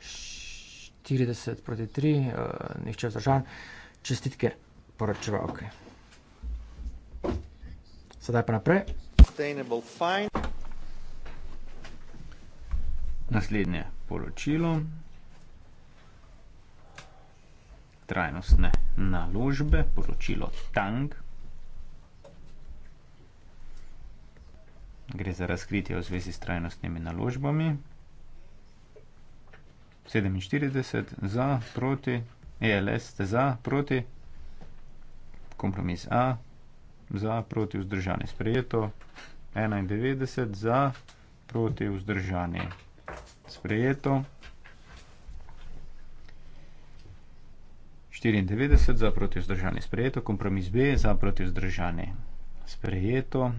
40 proti 3, eh, nihče vzdržan. Čestitke poročevalke. Okay. Sedaj pa naprej. Naslednje poročilo. Trajnostne naložbe, poročilo Tang. Gre za razkritje v zvezi s trajnostnimi naložbami. 47 za, proti, ELS ste za, proti, kompromis A, za, proti vzdržanje. Sprejeto 91 za, proti vzdržanje. Sprejeto 94 za, proti vzdržanje. Sprejeto kompromis B za, proti vzdržanje. Sprejeto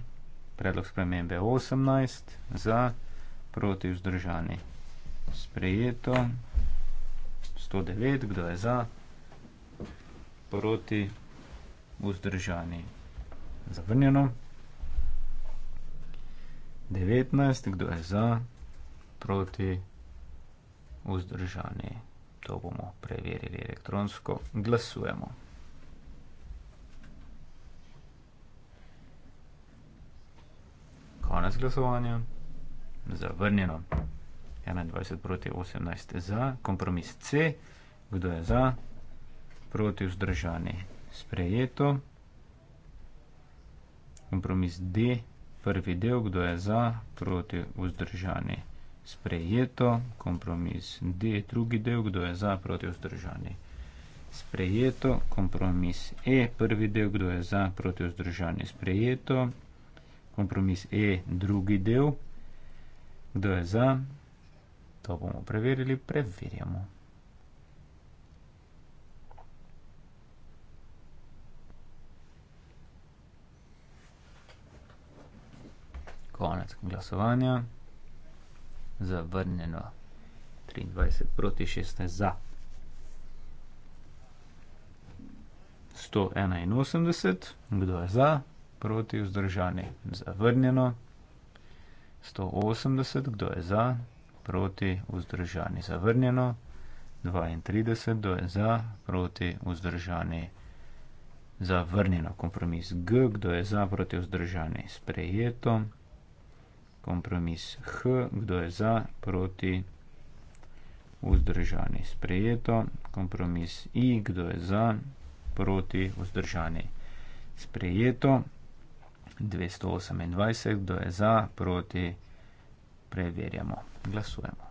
predlog spremembe 18 za, proti vzdržanje. Sprejeto 109, kdo je za, proti vzdržanje zavrnjeno. 19, kdo je za, proti, vzdržani. To bomo preverili elektronsko. Glasujemo. Konec glasovanja. Zavrnjeno. 21 proti 18 za, kompromis C, kdo je za, proti vzdržani. Sprejeto kompromis D, prvi del, kdo je za, proti, vzdržani, sprejeto, kompromis D, drugi del, kdo je za, proti, vzdržani, sprejeto, kompromis E, prvi del, kdo je za, proti, vzdržani, sprejeto, kompromis E, drugi del, kdo je za, to bomo preverili, preverjamo. konec glasovanja. Zavrnjeno 23 proti 16 za 181, kdo je za, proti vzdržani, zavrnjeno 180, kdo je za, proti vzdržani, zavrnjeno 32, kdo je za, proti vzdržani, zavrnjeno kompromis G, kdo je za, proti vzdržani, sprejeto kompromis H, kdo je za, proti, vzdržani, sprejeto, kompromis I, kdo je za, proti, vzdržani, sprejeto, 228, kdo je za, proti, preverjamo, glasujemo.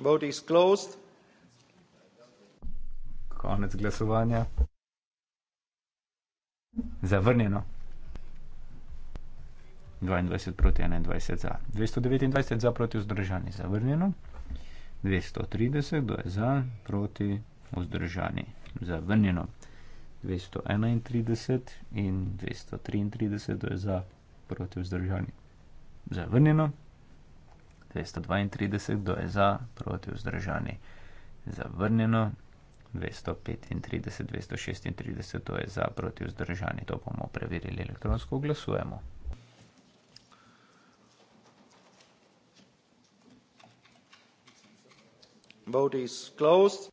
Vote is closed. Konec glasovanja. Zavrnjeno. 22 proti 21 za. 229 za proti vzdržani zavrnjeno. 230 do je za proti vzdržani zavrnjeno. 231 in 233 do je za proti vzdržani zavrnjeno. 232 do je za proti vzdržani zavrnjeno. 235, 236 to je za proti vzdržani. To bomo preverili elektronsko, glasujemo. Vote is closed.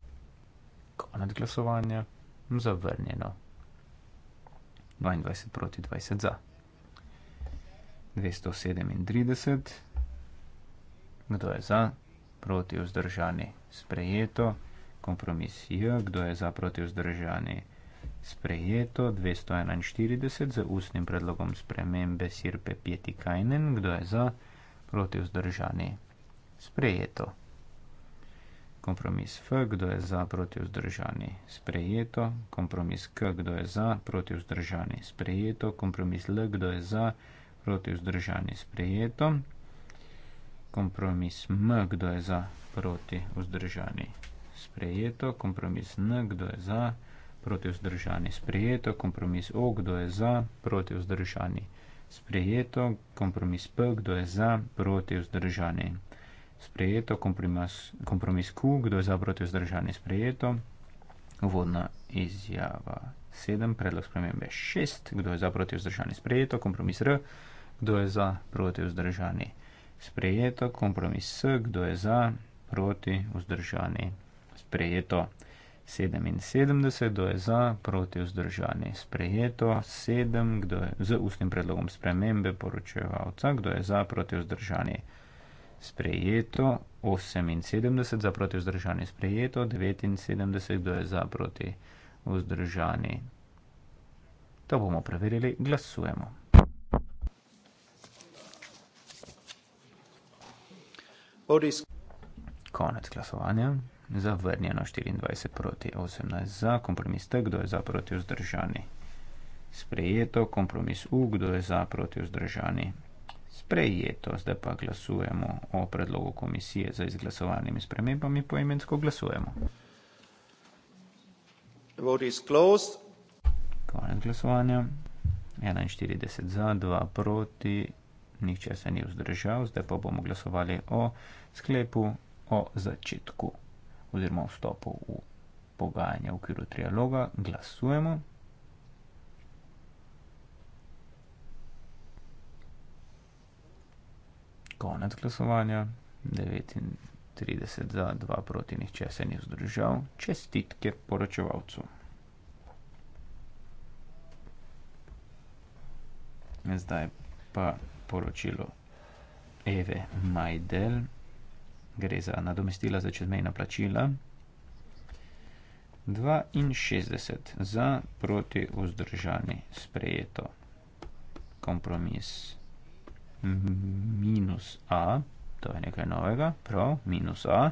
Konec glasovanja. Zavrnjeno. 22 proti 20 za. 237. Kdo je za? Proti vzdržani. Sprejeto. Kompromis je. Kdo je za? Proti vzdržani. Sprejeto 241 z ustnim predlogom spremembe Sirpe Pietikajnen. Kdo je za? Proti vzdržani. Sprejeto kompromis F, kdo je za, proti vzdržani, sprejeto, kompromis K, kdo je za, proti vzdržani, sprejeto, kompromis L, kdo je za, proti vzdržani, sprejeto, kompromis M, kdo je za, proti vzdržani, sprejeto, kompromis N, kdo je za, proti vzdržani, sprejeto, kompromis O, kdo je za, proti vzdržani, sprejeto, kompromis P, kdo je za, proti vzdržani, sprejeto sprejeto, kompromis, kompromis Q, kdo je za proti vzdržanje sprejeto, uvodna izjava 7, predlog spremembe 6, kdo je za proti vzdržanje sprejeto, kompromis R, kdo je za proti vzdržanje sprejeto, kompromis S, kdo je za proti vzdržanje sprejeto. 77, kdo je za, proti vzdržanje sprejeto, 7, kdo je z ustnim predlogom spremembe poročevalca, kdo je za, proti vzdržanje sprejeto sprejeto, 78 za proti vzdržani sprejeto, 79 kdo je za proti vzdržani. To bomo preverili, glasujemo. Konec glasovanja. Zavrnjeno 24 proti 18 za, kompromis T, kdo je za proti vzdržani. Sprejeto, kompromis U, kdo je za proti vzdržani sprejeto. Zdaj pa glasujemo o predlogu komisije za izglasovanimi spremembami. Poimensko glasujemo. Konec glasovanja. 41 za, 2 proti, nihče se ni vzdržal. Zdaj pa bomo glasovali o sklepu o začetku oziroma vstopu v pogajanje v okviru trialoga. Glasujemo. konec glasovanja. 39 za 2 proti nihče se ni vzdržal. Čestitke poročevalcu. Zdaj pa poročilo Eve Majdel. Gre za nadomestila za čezmejna plačila. 62 za proti vzdržani sprejeto kompromis minus a, to je nekaj novega, prav, minus a,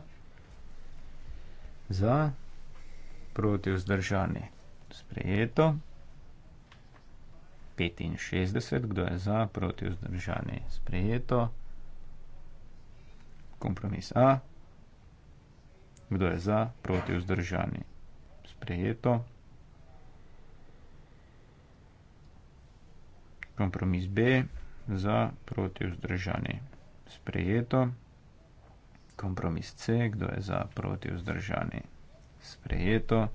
za protivzdržanje. Sprejeto. 65, kdo je za protivzdržanje? Sprejeto. Kompromis a. Kdo je za protivzdržanje? Sprejeto. Kompromis B. Sprejeto za proti vzdržani. Sprejeto. Kompromis C, kdo je za proti vzdržani. Sprejeto.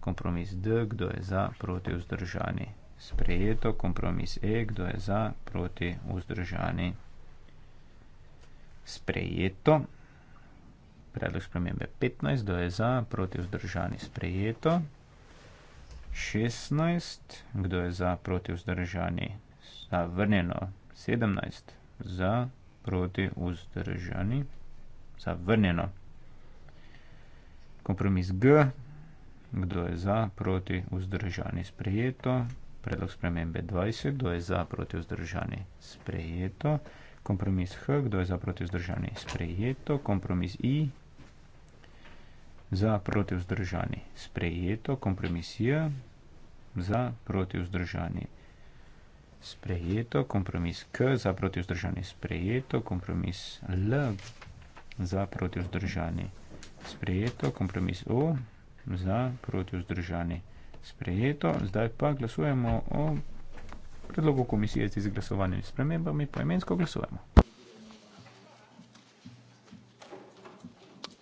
Kompromis D, kdo je za proti vzdržani. Sprejeto. Kompromis E, kdo je za proti vzdržani. Sprejeto. Predlog spremembe 15, kdo je za proti vzdržani. Sprejeto. 16, kdo je za proti vzdržani. Sprejeto zavrnjeno 17 za proti vzdržani zavrnjeno kompromis G kdo je za proti vzdržani sprejeto predlog spremembe 20 kdo je za proti vzdržani sprejeto kompromis H kdo je za proti vzdržani sprejeto kompromis I za proti vzdržani sprejeto kompromis J za proti vzdržani sprejeto, kompromis K za proti vzdržani sprejeto, kompromis L za proti vzdržani sprejeto, kompromis O za proti vzdržani sprejeto. Zdaj pa glasujemo o predlogu komisije z izglasovanimi spremembami, poimensko glasujemo.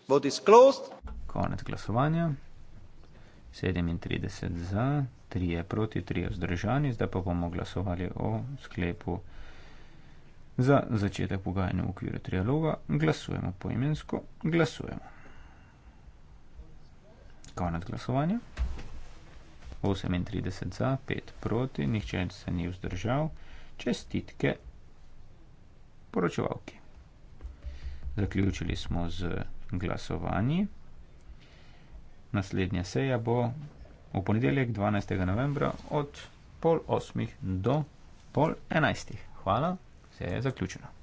Vote is closed. Konec glasovanja. 37 za, 3 je proti, 3 je vzdržani, zdaj pa bomo glasovali o sklepu za začetek pogajanja v okviru trialoga. Glasujemo poimensko, glasujemo. Konec glasovanja. 38 za, 5 proti, nihče se ni vzdržal. Čestitke poročevalki. Zaključili smo z glasovanji. Naslednja seja bo v ponedeljek 12. novembra od pol osmih do pol enajstih. Hvala, vse je zaključeno.